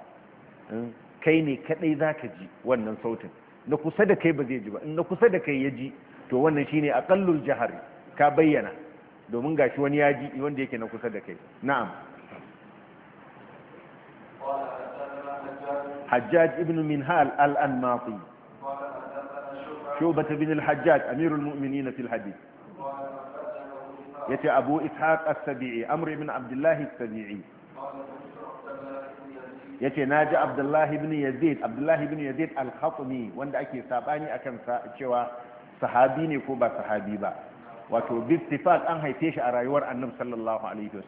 hmm? kai ne kadai ka ji wannan sautin na kusa da kai ba zai ji ba in na kusa da kai ya ji to wannan shine aqallul jihar ka bayyana domin gashi wani ya ji wanda yake na kusa da kai na'am حجاج ابن منهال الأنماطي شعبة بن الحجاج أمير المؤمنين في الحديث يتي أبو إسحاق السبيعي أمر بن عبد الله السبيعي yace na ji abdullahi ibn yazid abdullahi ibn yazid al-khatmi wanda ake sabani akan cewa sahabi ne ko ba sahabi ba wato bi ittifaq an haife shi a rayuwar annabi alaihi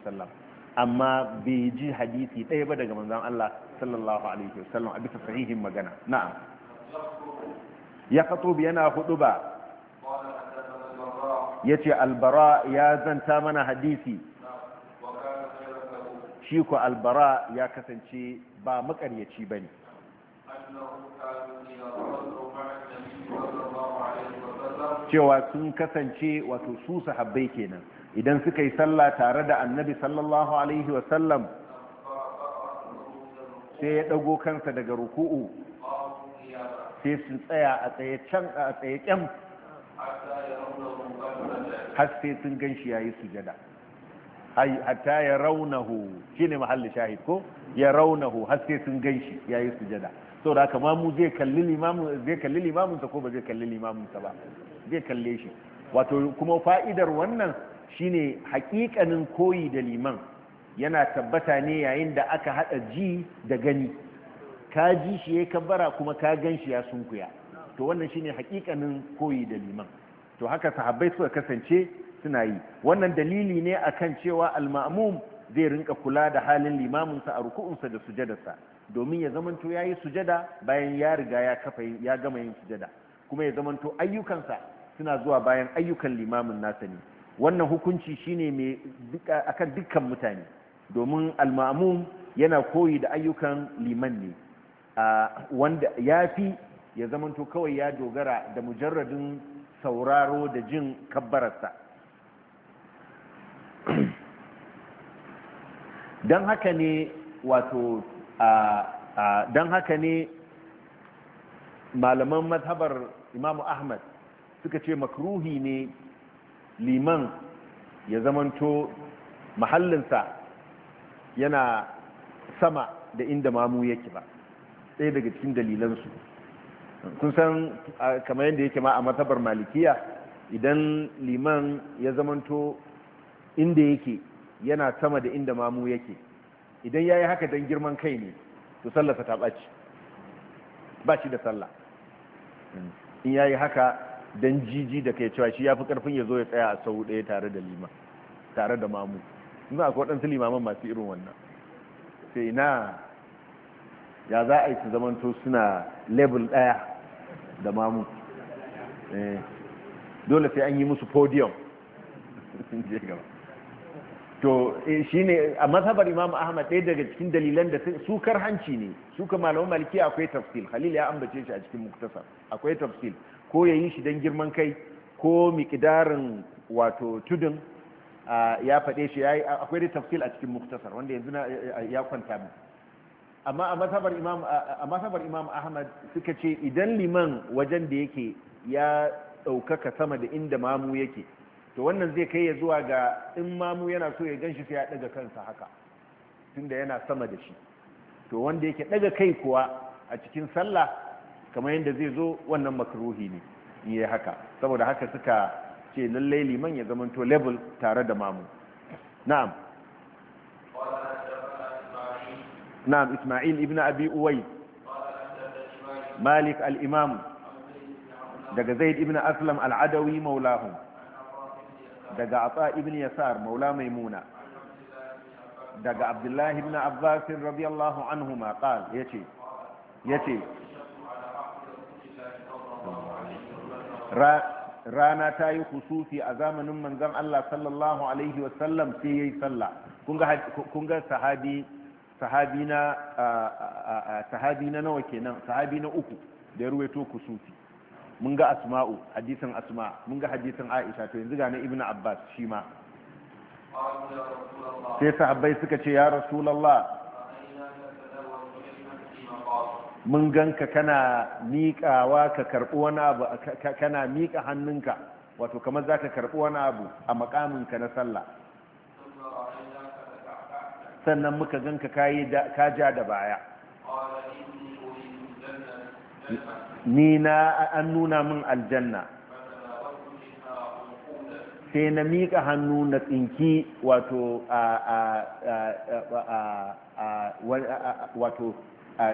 amma bai ji hadisi ɗaya ba daga manzon Allah sallallahu alaihi wasallam a bisa sahihin magana na'am ya khatub yana ba yace albara ya zanta mana hadisi shi ko albara ya kasance ba makaryaci bane cewa sun kasance wato su sahabbai kenan idan suka yi sallah tare da annabi sallallahu alaihi wasallam sai ya dago kansa daga ruku'u sai su tsaya a tsaye can a tsaye kyan har sai sun gan shi ya yi sujada hatta ya raunahu shi ne mahalli shahid ko ya raunahu har sai sun gan shi ya yi sujada sau da haka mamu zai kalli limamunsa ko ba zai kalli limamunsa ba zai kalle shi wato kuma fa'idar wannan shine hakikanin koyi da liman yana tabbata ne yayin da aka hada ji da gani ka ji shi ya kabbara kuma ka gan shi ya sunkuya to wannan shine hakikanin koyi da liman to haka sahabbai suka kasance suna yi wannan dalili ne akan cewa al-ma'mum zai rinka kula da halin limaminsa a ruku'unsa da sujadarsa domin ya zamanto yayi sujada bayan ya riga ya kafa ya gama yin sujada kuma ya zamanto ayyukansa suna zuwa bayan ayyukan limamin nasa ne wannan hukunci shine mai akan dukkan mutane domin al-ma'mum yana koyi da ayyukan liman ne wanda yafi ya zamanto kawai ya dogara da mujarradin sauraro da jin kabbararsa don haka ne wato don haka ne malaman mazhabar imamu ahmad suka ce makruhi ne liman ya zamanto mahallinsa yana sama da inda mamu yake ba ɗaya daga cikin dalilansu kun san kamar yadda yake ma a matabar malikiya idan liman ya zamanto inda yake yana sama da inda mamu yake idan ya yi haka don girman kai ne to sallasa ta ɓaci ba shi da sallah in ya yi haka don jiji da kai cewa shi ya fi karfin ya zo ya tsaya a sau ɗaya tare da lima tare da mamu in akwai waɗansu limaman masu irin wannan sai na ya za a yi su zamanto suna level ɗaya da mamu eh, dole sai an yi musu podium to eh, shi ne a mazhabar imam ahmad ɗaya daga cikin dalilan da sukar hanci ne suka malaman maliki akwai tafsil khalil ya ambace shi a cikin muktasar akwai tafsil ko ya yi shi don girman kai ko miƙidarin wato tudun ya faɗe shi ya yi akwai da tafsil a cikin muktasar wanda yanzu ya kwanta mu amma a masabar imam ahmad suka ce idan liman wajen da yake ya ɗaukaka sama da inda mamu yake to wannan zai kai ya zuwa ga in mamu yana so ya gan shi sai ya ɗaga kansa haka tunda yana sama da shi to wanda yake ɗaga kai kuwa a cikin sallah kamar yadda zai zo wannan makruhi ne yi haka saboda haka suka ce lallai liman ya zamanto level tare da mamu na'am na'am isma'il ibn abi uwai malik al-imam daga zaid ibn aslam al-adawi maulahum daga atsa ibn yasar maula maimuna daga abdullahi ibn abbas radiyallahu anhuma qal yace yace rana ta yi kusufi a zamanin manzon Allah sallallahu alaihi wasallam sai ya yi sallah kun ga sahabi na nawa kenan sahabi na uku da ya ruwaito kusufi mun ga asma'u hadisin asma'a mun ga hadisin aisha to yanzu ga na ibnu abbas shi ma sai sahabbai suka ce ya rasulullah mun ganka kana miƙawa ka karɓi wani abu kana miƙa hannunka wato kamar za ka karɓi wani abu a makaminka na sallah sannan muka ganka ka ja da baya ni na an nuna min aljanna sai na miƙa hannu na tsinki wato wato a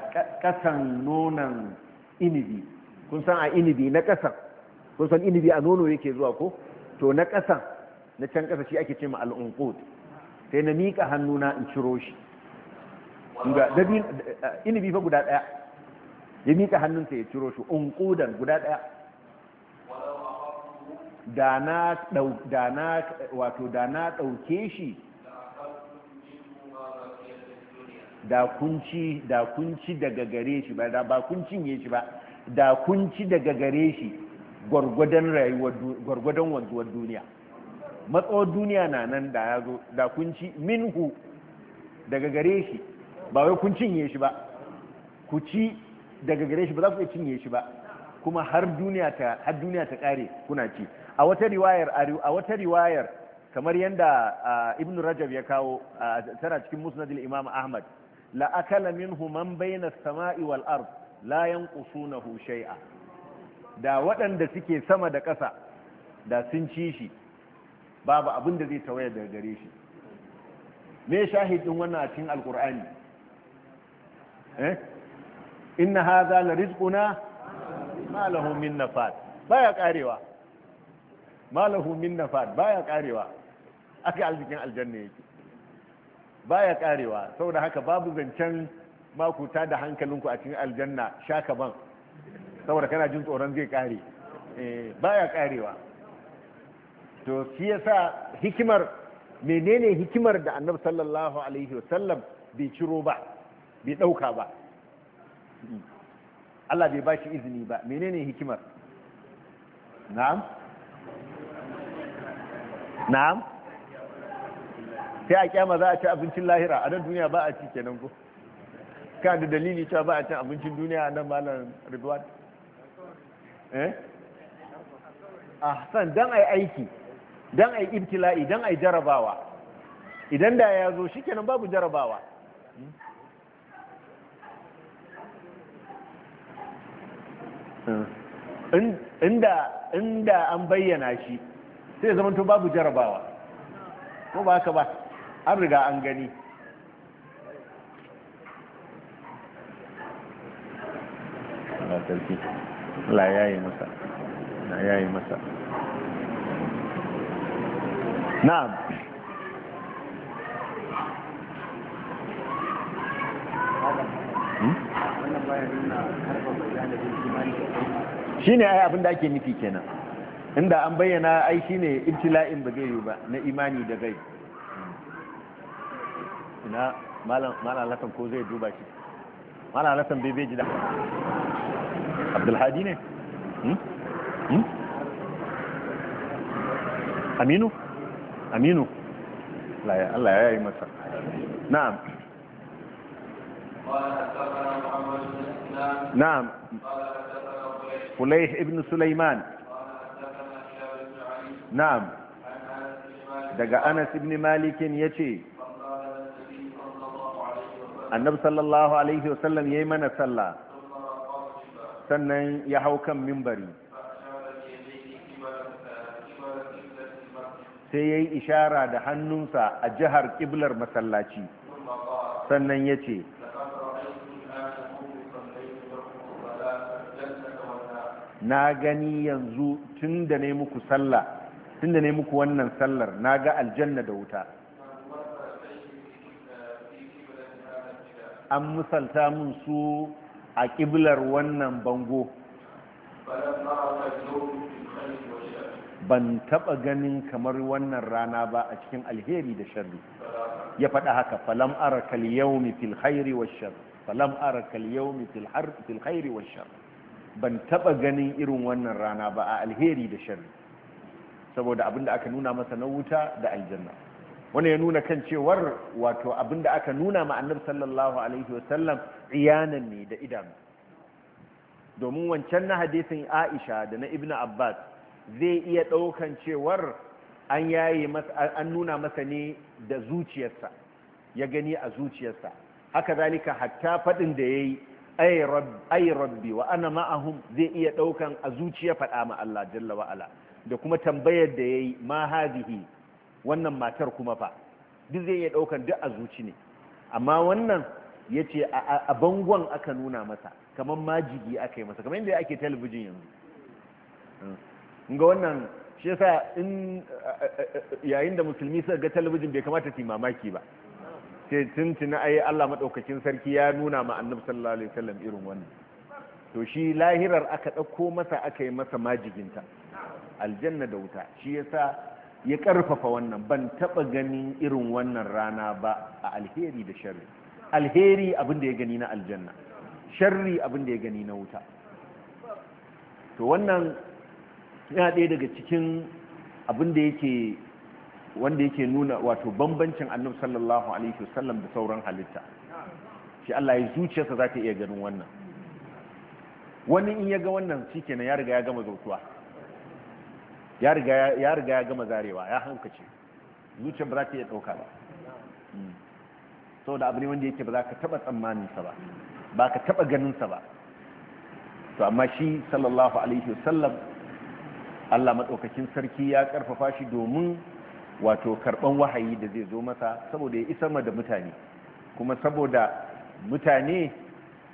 ƙasan nonon inibi kun san a inibi na ƙasan kun san inibi a nono yake zuwa ko to na ƙasan na can ƙasa shi ake ce ma al'unqud sai na miƙa hannuna in ciro shi ga inibi fa guda ɗaya ya miƙa sa ya ciro shi unqudan guda ɗaya da na wato da na ɗauke shi da kunci da kunci daga gare shi ba da ba kun cinye shi ba da kunci daga gare shi gwargwadon rayuwar gwargwadon wanzuwar duniya matsawar duniya na nan da ya zo da kunci minhu daga gare shi ba wai kun cinye shi ba ku ci daga gare shi ba za ku iya cinye shi ba kuma har duniya ta har duniya ta kare kuna ci a wata riwayar a wata riwayar kamar yadda ibn rajab ya kawo tana cikin musnadil imam ahmad La'akala minhu man bayna as-sama'i wal ard la yanqusunahu shay'a da waɗanda suke sama da ƙasa da sun ci shi babu abin da zai tawaye daga gare shi me shahidin wannan a cikin alqur'ani eh inna hadha la rizquna ma lahu min nafat baya karewa ma lahu min nafat baya karewa aka alzikin aljanna yake baya karewa saboda haka babu zancen makuta da hankalinku a cikin aljanna shaka ban saboda kana jin tsoron zai kare eh, baya karewa to shi yasa hikimar menene hikimar da annabi sallallahu alaihi wasallam bai ciro ba bai dauka ba Allah bai ba shi izini ba menene hikimar na'am na'am sai a kyama za a ci abincin lahira a nan duniya ba a ci kenan ko ka da dalili cewa ba a cin abincin duniya a nan malam ridwan eh ah, san dan ai aiki dan ai ibtila'i dan ai jarabawa idan da ya zo shikenan babu jarabawa hmm? inda inda an bayyana shi sai to babu jarabawa ko ba haka ba an riga an gani la yayi masa na yayi masa na'am hmm? shi ne abin da ake nufi kenan inda an bayyana ai shi ne ibtila'in ba zai yi ba na imani da gai ina malalatan ko zai duba shi malalatan bai bai jida abdulhadi ne hmm? Hmm? aminu aminu Allah ya yi masa na'am نعم Ibn Sulaiman na'am, daga Anas Ibn Malikin ya ce. annabi sallallahu alaihi wasallam ya yi mana sallah sannan ya hau kan mimbari sai ya yi ishara da hannunsa a jihar ƙiblar masallaci sannan ya ce na gani yanzu tun ne muku sallah tun da ne muku wannan sallar na ga aljanna da wuta an misalta mun su a ƙiblar wannan bango ban taɓa ganin kamar wannan rana ba a cikin alheri da sharri ya faɗa haka falam arakal, kal yawmi fil khairi shar falam ara kal yawmi shar ban taɓa ganin irin wannan rana ba a alheri da sharri saboda abinda aka nuna masa na wuta da aljanna wanda ya nuna kan cewar wato abinda aka nuna ma'anar annabi sallallahu alaihi wasallam iyanan ne da idanu domin wancan na hadisin Aisha da na Ibn Abbas zai iya daukan cewar an yayi an nuna masa ne da zuciyarsa ya gani a zuciyarsa haka zalika hatta fadin da yayi ay rabbi wa ana ma'ahum zai iya daukan a zuciya fada ma Allah jalla wa ala da kuma tambayar da yayi ma hadhihi wannan matar kuma fa duk zai iya ɗaukan duk a zuci ne amma wannan ya ce a bangon aka nuna masa kamar majigi aka yi masa kamar yadda ake talabijin yanzu hmm. ga wannan shi yasa in yayin da musulmi suka ga talabijin bai kamata su mamaki ba sai tuntuna ai Allah madaukakin sarki ya nuna ma annabi sallallahu alaihi wasallam irin wannan to shi lahirar aka dauko masa aka yi masa majiginta aljanna da wuta shi yasa ya karfafa wannan ban taba ganin irin wannan rana ba a alheri da sharri alheri abin da ya gani na aljanna sharri abin da ya gani na wuta to wannan ya ɗaya daga cikin abin da yake wanda yake nuna wato bambancin annabu sallallahu alaihi wasallam da sauran halitta shi Allah ya zuciyarsa za ta iya ganin wannan wani in ya ga wannan kenan ya riga ya gama zautuwa ya riga ya gama zarewa ya hankace zuciyar ba za ta iya ɗauka ba hmm. saboda abu ne wanda yake ba za ka taɓa tsammaninsa ba ba ka taɓa ganinsa ba to amma shi sallallahu alaihi wasallam Allah maɗaukakin sarki ya karfafa shi domin wato karɓan wahayi da zai zo masa saboda ya isa da mutane kuma saboda mutane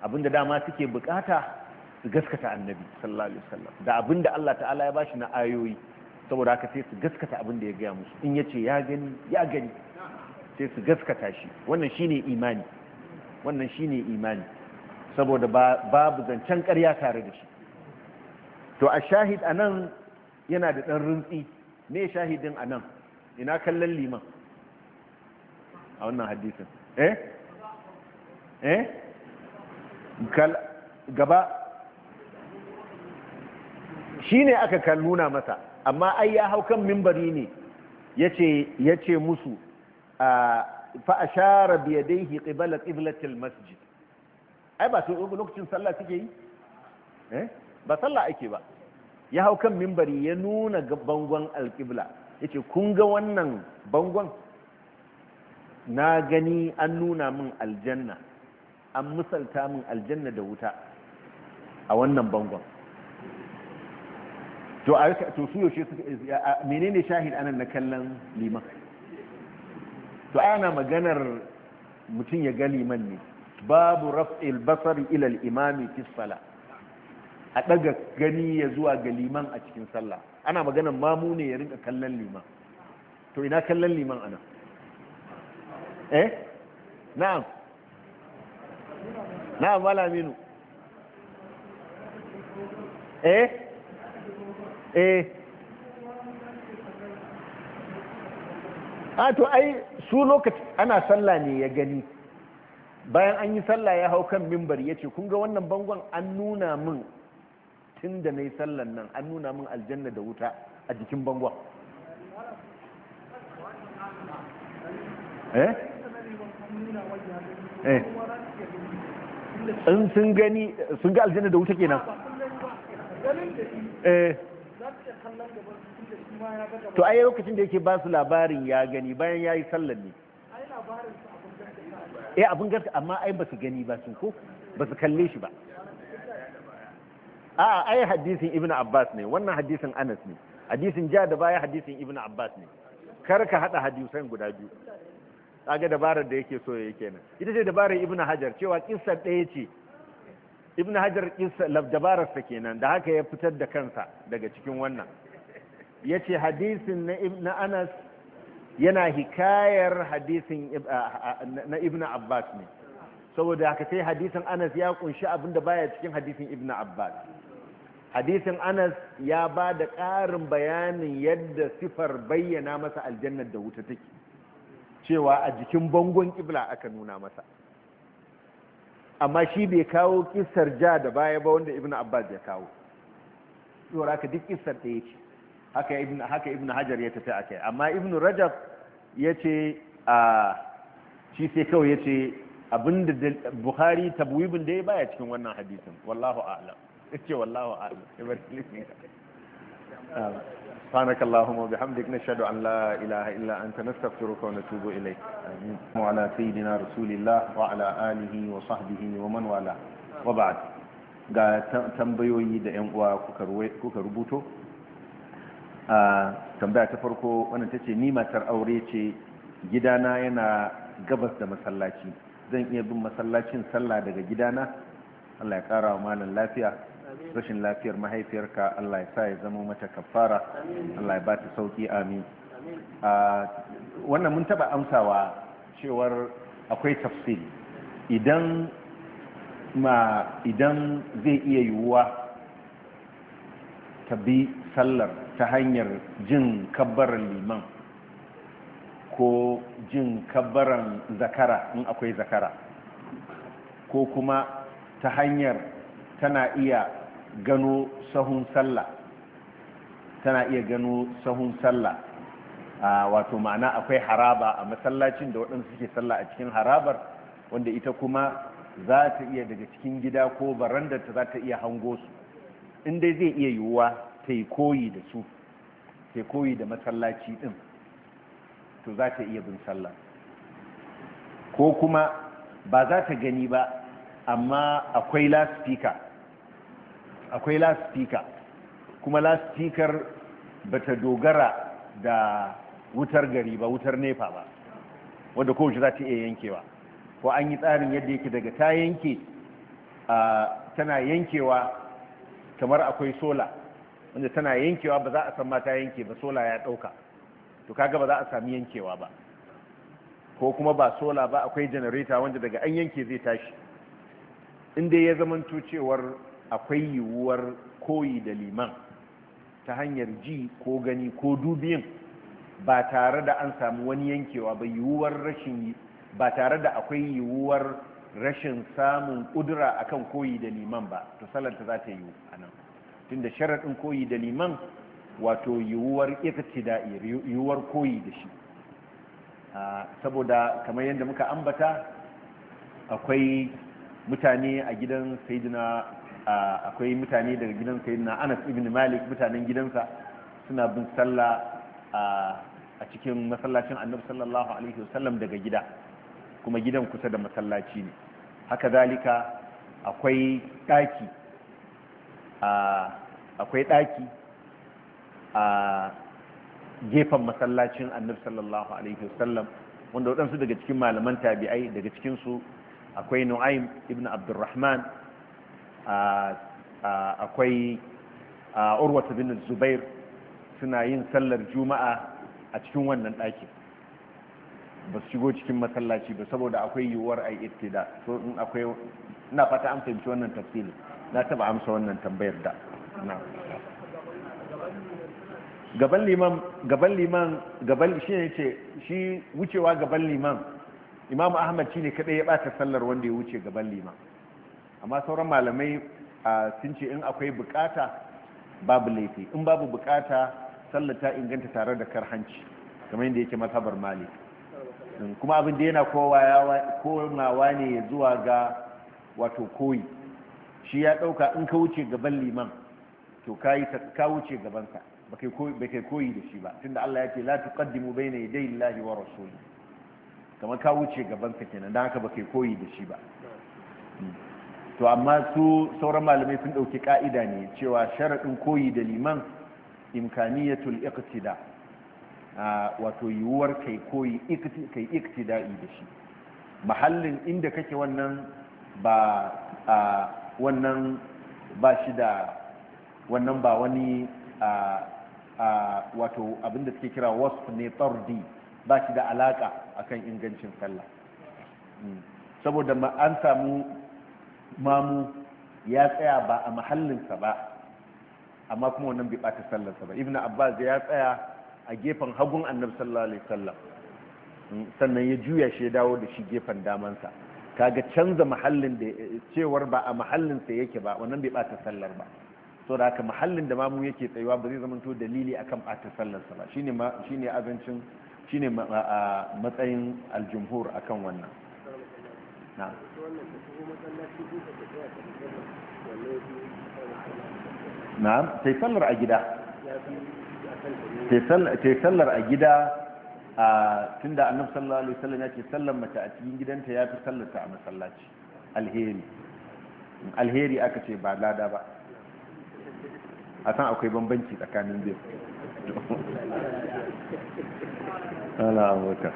abinda dama suke bukata su gaskata annabi sallallahu alaihi wasallam da abinda Allah ta'ala ya bashi na ayoyi saboda haka sai su gaskata abin da ya gaya musu in ya ce ya gani ya gani sai su gaskata shi wannan shine imani wannan shine imani saboda babu zancen ƙarya tare da shi to a shahid a nan yana da ɗan rintsi me shahidin a nan ina kallon liman a wannan hadisin eh eh gaba shi ne aka kan nuna masa amma ai ya hau kan mimbari ne ya ce musu fa ashara bi yadayhi qibala qiblatil masjid ai ba su lokacin sallah suke yi eh, ba sallah ake ba ya hau kan mimbari ya nuna bangon alqibla yace kun ga wannan bangon na gani an nuna min aljanna an misalta min aljanna da wuta a wannan bangon to a to su yaushe eh, menene shahid anan na kallon liman to ana maganar mutum ya ga liman ne babu raf'il basari ila al-imami fi sala a daga gani ya zuwa ga liman a cikin sallah ana maganar mamu ne ya rinka kallon liman to ina kallon liman ana eh na'am na'am minu eh eh a to ai su lokaci ana sallah ne ya gani bayan an yi sallah ya hau kan mimbar ya ce kun ga wannan bangon an nuna min tun da na yi sallan nan an nuna min aljanna da wuta a jikin bangon eh eh in sun gani sun ga aljanna da wuta kenan eh to ai lokacin da yake ba su labarin ya gani bayan ya yi sallar ne eh abin gaske amma ai ba su gani ba su ko ba su kalle shi ba A'a ai hadisin ibnu abbas ne wannan hadisin anas ne hadisin ja da baya hadisin ibnu abbas ne kar ka hada hadisan guda biyu kaga dabarar da yake so yake nan ita ce dabarar ibnu hajar cewa kissa ɗaya ce ibn hajar dabararsa kenan da haka ya fitar da kansa daga cikin wannan ya ce hadisin na ibn anas yana hikayar hadisin eh, ah, ah, ah, na ibn abbas ne saboda haka sai hadisin anas ya kunshi abinda baya cikin hadisin ibn abbas hadisin anas ya ba da ƙarin bayanin yadda sifar bayyana masa aljannar da wuta take cewa a jikin bangon kibla aka nuna masa amma shi bai kawo kisar ja da baya ba wanda ibn abbas ya kawo tsora ka duk kisar da ya ce haka ibn hajar ya tafi akai amma ibn rajab ya ce a shi sai kawai ya ce abinda buhari tabwibin da ya baya cikin wannan hadisin wallahu a'ala ya ce wallahu bar ah. سبحانك اللهم وبحمدك نشهد أن لا إله إلا أنت نستغفرك ونتوب إليك آمين وعلى سيدنا رسول الله وعلى آله وصحبه ومن والاه وبعد ga tambayoyi da 'yan uwa kuka rubuto a tambaya ta farko wannan ta ce ni matar aure ce gidana yana gabas da masallaci zan iya bin masallacin sallah daga gidana allah ya kara wa lafiya rashin lafiyar mahaifiyarka Allah ya sa ya zama mata kafara Allah ya ba ta sauki amin wannan mun taba amsawa cewar akwai tafsir idan ma idan zai iya yiwuwa ta bi sallar ta hanyar jin kabbaran liman ko jin kabbaran zakara in akwai zakara ko kuma ta hanyar tana iya gano sahun sallah tana iya gano sahun sallah wato ma'ana akwai haraba a masallacin da waɗansu suke sallah a cikin harabar wanda ita kuma za ta iya daga cikin gida ko ta za ta iya hango su inda zai iya yiwuwa ta yi koyi da su ta koyi da masallaci ɗin to za ta iya bin sallah ko kuma ba za ta gani ba amma akwai speaker. akwai lastika kuma lastikar ba ta dogara da wutar gari ba wutar nefa ba wadda kowace za ta iya yankewa ko an yi tsarin yadda yake daga ta yanke tana yankewa kamar akwai sola wanda tana yankewa ba za a san mata yanke ba sola ya ɗauka to kaga ba za a sami yankewa ba ko kuma ba sola ba akwai janareta wanda daga an yanke zai tashi inda ya zamanto cewar akwai yiwuwar koyi da liman ta hanyar ji ko gani ko dubin ba tare da an samu wani yankewa ba yiwuwar rashin ba tare da akwai yiwuwar rashin samun kudura akan koyi da liman ba to salanta za ta yiwu a nan tunda sharaɗin koyi da liman wato yiwuwar iktida'i yiwuwar koyi da shi saboda kamar yadda muka ambata akwai mutane a gidan sayidina akwai mutane daga gidan na Anas ibn Malik mutanen gidansa suna bin sallah a cikin masallacin Annabi sallallahu alaihi wasallam daga gida kuma gidan kusa da masallaci ne haka zalika akwai daki akwai daki a gefen masallacin Annabi sallallahu alaihi wasallam wanda waɗansu daga cikin malaman tabi'ai daga cikinsu akwai nu'aym ibn abdurrahman akwai urwata bin zubair suna yin sallar juma'a a cikin wannan ɗakin ba su shigo cikin masallaci ba saboda akwai yiwuwar a yi da so in akwai na fata an fahimci wannan tafsili na taba amsa wannan tambayar da gaban liman gaban liman gaban shi ne ce shi wucewa gaban liman imam ahmad shi ne kaɗai ya bata sallar wanda ya wuce gaban liman amma sauran malamai sun ce in akwai bukata babu laifi in babu bukata sallar ta inganta tare da karhanci kamar yadda yake mazhabar malik mm, kuma abin da yana komawa ne zuwa ga wato koyi shi ya dauka in ka wuce gaban liman to ka wuce gabansa ba kai koyi da shi ba tunda Allah ya ce la tuqaddimu bayna yaday Allahi wa rasuli kamar ka wuce gabansa kenan dan haka ba kai koyi da shi ba mm. to amma su sauran malamai sun ɗauki ƙa'ida ne cewa sharaɗin koyi da liman imkaniyatul iqtida wato yiwuwar kai koyi kai iqtida'i da shi mahallin inda kake wannan ba wannan ba shi da wannan ba wani wato abinda suke kira wasf ne tardi ba shi da alaka akan ingancin sallah hmm. saboda an samu mamu ya tsaya ba a mahallinsa ba amma kuma wannan bai bata sallarsa ba ibn abbas ya tsaya a gefen hagun annabi sallallahu alaihi wasallam hmm, sannan ya juya shi ya dawo da shi gefen damansa kaga canza mahallin da cewar ba a mahallinsa yake ba wannan bai bata sallar ba so da haka mahallin da mamu yake tsayuwa ba zai zamanto dalili akan bata sallarsa ba shine shine azancin shine matsayin aljumhur akan wannan na'am na'am sai sallar a gida sai sallar a gida a tunda annabi sallallahu alaihi wasallam ya ce sallar mace a cikin gidanta ya fi sallar ta a masallaci alheri alheri aka ce ba lada ba a san akwai bambanci tsakanin biyu ala abokan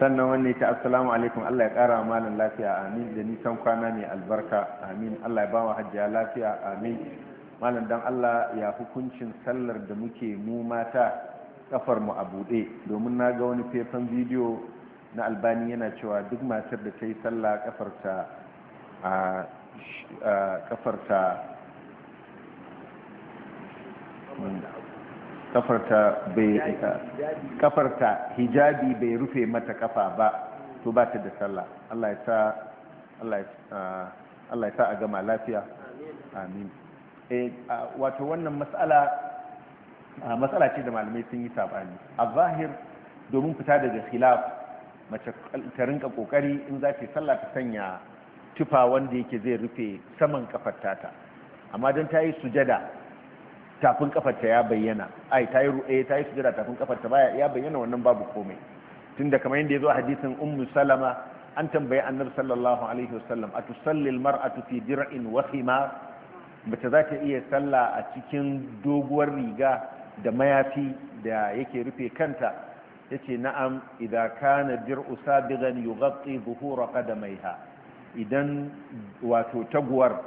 sannan wanne ta assalamu alaikum Allah ya kara wa malam lafiya amin da nisan kwana mai albarka amin Allah ya ba wa hajjiya lafiya amin malam dan Allah ya hukuncin sallar da muke mu mata kafar mu a buɗe domin na ga wani faifan bidiyo na albani yana cewa duk matar da ta yi sallah kafarta a kafarta bai hijabi bai rufe mata kafa ba to ba ta da sallah Allah ya sa ah, a gama lafiya amin eh wato wannan matsala ce da malamai sun yi sabani a zahir domin fita daga khilaf mace ta rinka kokari in za ta sallah ta sanya tufa wanda yake zai rufe saman kafar tata amma don ta yi sujada tafin kafarta ya bayyana ai ta yi ruɗe eh, ta yi sujada tafin kafarta baya ya bayyana wannan babu komai tunda kamar yadda ya zo a hadisin ummu salama an tambayi annabi sallallahu alaihi wasallam a almar'atu fi dir'in wa khimar mace za ta iya sallah a cikin doguwar riga da mayafi da yake rufe kanta yace na'am idza kana dir'u sabigan yughatti dhuhura qadamaiha idan wato taguwar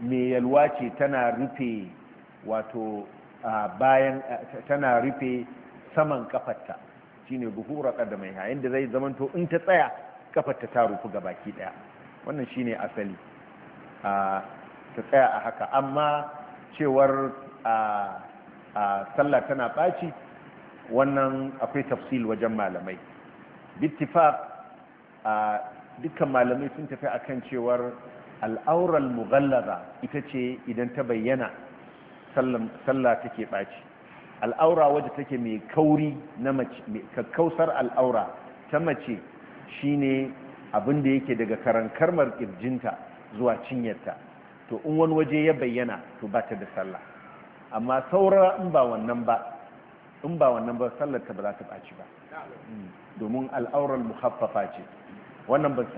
me yalwace tana rufe wato bayan tana rufe saman kafarta shine buhura mai ha da zai zamanto in ta tsaya kafarta ta rufu baki daya wannan shine asali ta tsaya a haka amma cewar sallah tana ɓaci wannan akwai tafsil wajen malamai bittifaq dukkan malamai sun tafi akan cewar al'aural mughallaza ita ce idan ta bayyana sallah take ɓaci al'aura wadda take mai kauri na mace mai kakkausar al'aura ta mace shine abin da yake daga karankarmar kirjinta zuwa cinyarta to in wani waje ya bayyana to ba ta da sallah amma saura in ba wannan ba in ba wannan ba sallar ta ba za ta ɓaci ba mm. domin al'aurar muhaffafa ce wannan ba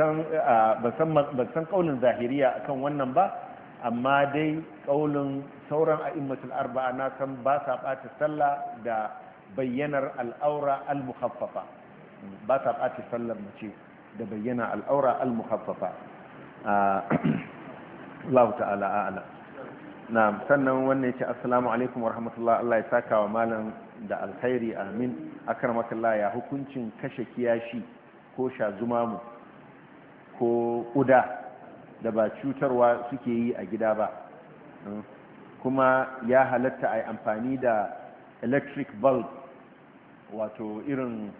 san ƙaunin zahiriya akan wannan ba amma dai kaulin sauran a a'immatul arba'a na san ba sa bata sallah da bayyanar al'aura al-mukhaffafa ba sa bata sallar mace da bayyana al'aura al-mukhaffafa ah, Allah ta'ala a'ala Na sannan wannan yace assalamu alaikum wa rahmatullah Allah ya saka wa malam da alkhairi amin akramakallah ya hukuncin kashe kiyashi ko sha shazumamu ko uda. da ba cutarwa suke yi a gida ba hmm. kuma ya halatta a yi amfani da electric bulb wato irin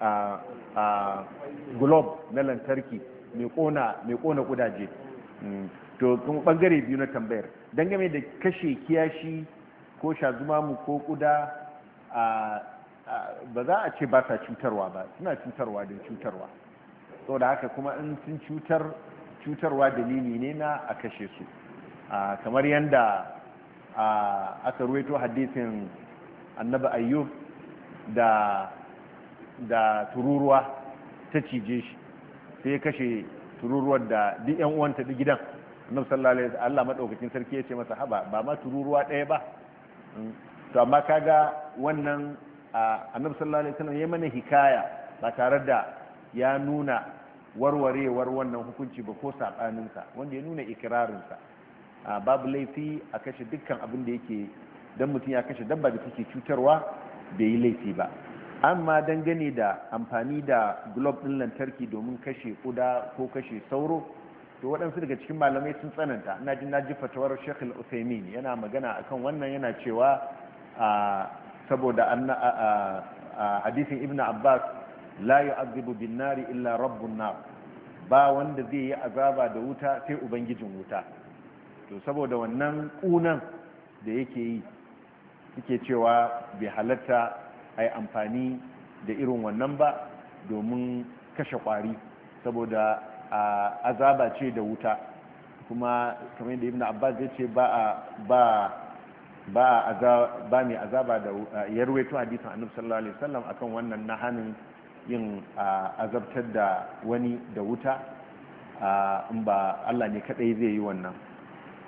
a globe na lantarki mai kona kudaje hmm. to kuma bangare biyu na tambayar dangane da kashe kiyashi ko sha shazumamu ko kuda ba za a ce ba sa cutarwa ba suna cutarwa don cutarwa sau da haka kuma in sun cutar cutarwa dalili ne na a kashe su kamar yadda aka ruwaito hadisin annaba ayyub da da tururuwa ta cije shi sai kashe tururuwar da duk yan uwanta gidan annabi sallallahu alaihi wasallam madaukakin sarki ya ce masa haba ba ma tururuwa ɗaya ba mm. to amma kaga wannan annabi sallallahu alaihi wasallam ya mana hikaya ba tare da ya nuna warwarewar wannan hukunci ba ko saɓaninsa wanda ya nuna ikirarinsa a babu laifi a kashe dukkan abin da yake don mutum ya kashe dabba da take cutarwa bai yi laifi ba amma dangane da amfani da glob ɗin lantarki domin kashe kuda ko kashe sauro to waɗansu daga cikin malamai sun tsananta na ji fatawar Sheikh al yana magana kan wannan yana cewa saboda hadisin Ibn Abbas la yu'adhibu bin nari illa rabbun nar ba wanda zai yi azaba da wuta sai ubangijin wuta to saboda wannan kunan da yake yi suke cewa bai halatta ai amfani da irin wannan ba domin kashe kwari saboda azaba ce da wuta kuma kamar da ibn abbas ya ce ba a ba ba mai azaba da ya ruwaito hadisin annabi sallallahu alaihi wasallam akan wannan na hanin yin azabtar da wani da wuta in ba Allah ne kadai zai yi wannan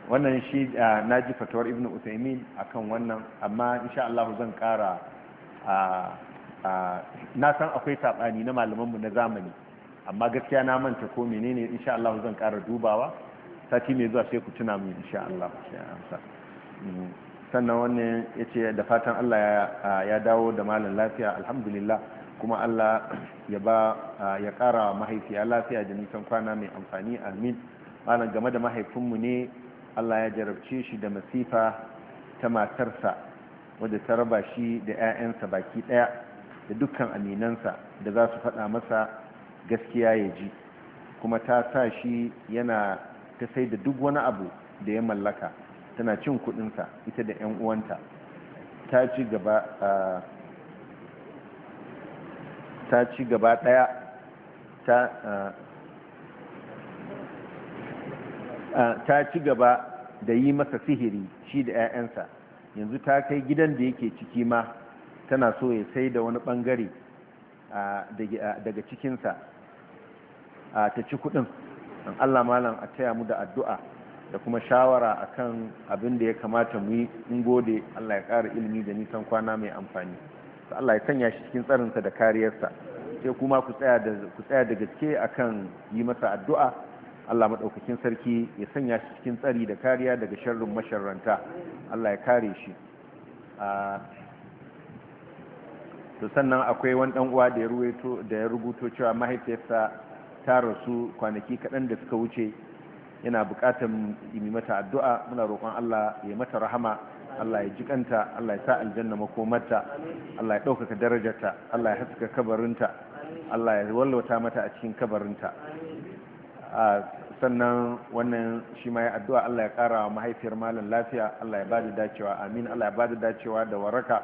wannan shi na ji fatawar ibn usaimin akan wannan amma insha Allah zan kara na san akwai saɓani na malamanmu na zamani amma gaskiya na manta ko menene insha Allah zan kara dubawa sati mai zuwa sai ku tuna mu insha Allah mm-hmm. sannan wannan yace da fatan Allah ya dawo da malam lafiya alhamdulillah kuma Allah ya ba ya kara mahaifiya lafiya da nisan kwana mai amfani amin malam game da mahaifinmu ne Allah ya jarabce shi da masifa ta matarsa wadda ta raba shi da 'ya'yansa baki ɗaya da dukkan aminansa da za su faɗa masa gaskiya ya ji kuma ta sa shi yana ta sai da duk wani abu da ya mallaka tana cin kuɗinsa ita da 'yan uwanta ta ci gaba ta ci gaba daya ta ci gaba da yi masa sihiri shi da 'ya'yansa yanzu ta kai gidan da yake ciki ma tana so ya sai da wani bangare daga cikinsa ta ci kudin allah malam a taya mu da addu'a da kuma shawara akan abin da ya kamata mu yi in gode allah ya ƙara ilimi da nisan kwana mai amfani Allah ya sanya shi cikin tsarinsa da kariyarsa sai kuma ku tsaya da gaske a kan akan yi masa addu'a Allah maɗaukakin sarki ya sanya shi cikin tsari da kariya daga sharrin masharranta Allah ya kare shi to sannan akwai wani dan uwa da da ya rubuto cewa mahaifiyarsa ta rasu kwanaki kaɗan da suka wuce yana buƙatar yi mata addu'a muna roƙon Allah ya mata rahama Allah ya jikanta Allah ya sa aljanna makomarta Allah ya ɗaukaka darajarta Allah ya haska kabarinta Allah ya wallata mata a cikin kabarinta sannan wannan shi ma ya addu'a Allah ya ƙara wa mahaifiyar malam lafiya Allah ya bada dacewa amin Allah ya bada dacewa da waraka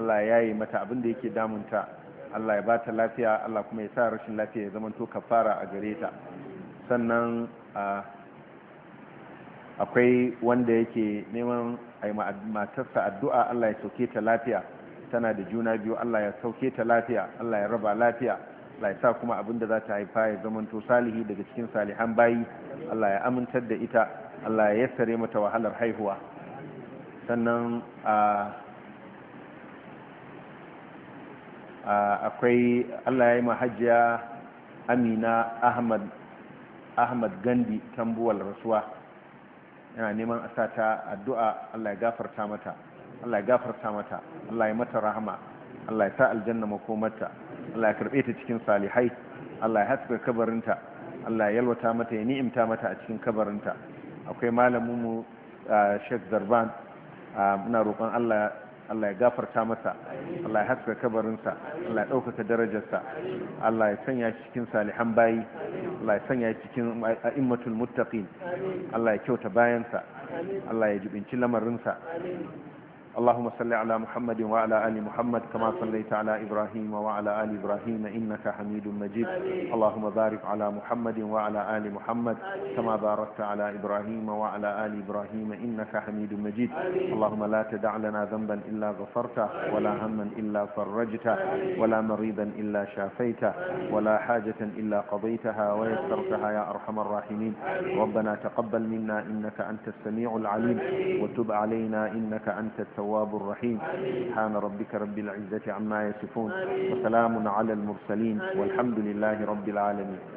Allah ya yi mata abin da yake damunta Allah ya bata lafiya Allah kuma ya sa rashin lafiya ya zama to kafara a gare ta sannan akwai wanda yake neman a matarsa addu'a Allah ya sauke ta lafiya tana da juna biyu Allah ya sauke ta lafiya Allah ya raba lafiya Allah ya sa kuma abin da za ta haifa ya zamanto salihi daga cikin salihan bayi Allah ya amintar da ita Allah ya yassare mata wahalar haihuwa sannan akwai Allah ya yi mahajjiya Amina Ahmad Ahmad Gandi tambuwal rasuwa yana neman a sa ta addu'a Allah ya gafarta mata Allah ya gafarta mata Allah ya mata rahama Allah ya sa aljanna makomarta Allah ya karbe ta cikin salihai Allah ya haska kabarinta Allah ya yalwata mata ya ni'imta mata a cikin kabarinta akwai malamin mu ah, Sheikh Zarban ah, muna roƙon Allah Allah ya gafarta masa Allah ya haska kabarinsa Allah ya ɗaukaka darajarsa Allah ya sanya cikin salihan bayi Allah ya sanya cikin a'immatul muttaqin Allah ya kyauta bayansa Allah ya jibinci lamarinsa اللهم صل على محمد وعلى آل محمد كما صليت على إبراهيم وعلى آل إبراهيم إنك حميد مجيد اللهم بارك على محمد وعلى آل محمد كما باركت على إبراهيم وعلى آل إبراهيم إنك حميد مجيد اللهم لا تدع لنا ذنبا إلا غفرته ولا هما إلا فرجته ولا مريضا إلا شافيته ولا حاجة إلا قضيتها ويسرتها يا أرحم الراحمين ربنا تقبل منا إنك أنت السميع العليم وتب علينا إنك أنت التواب التواب الرحيم سبحان ربك رب العزة عما يصفون وسلام على المرسلين والحمد لله رب العالمين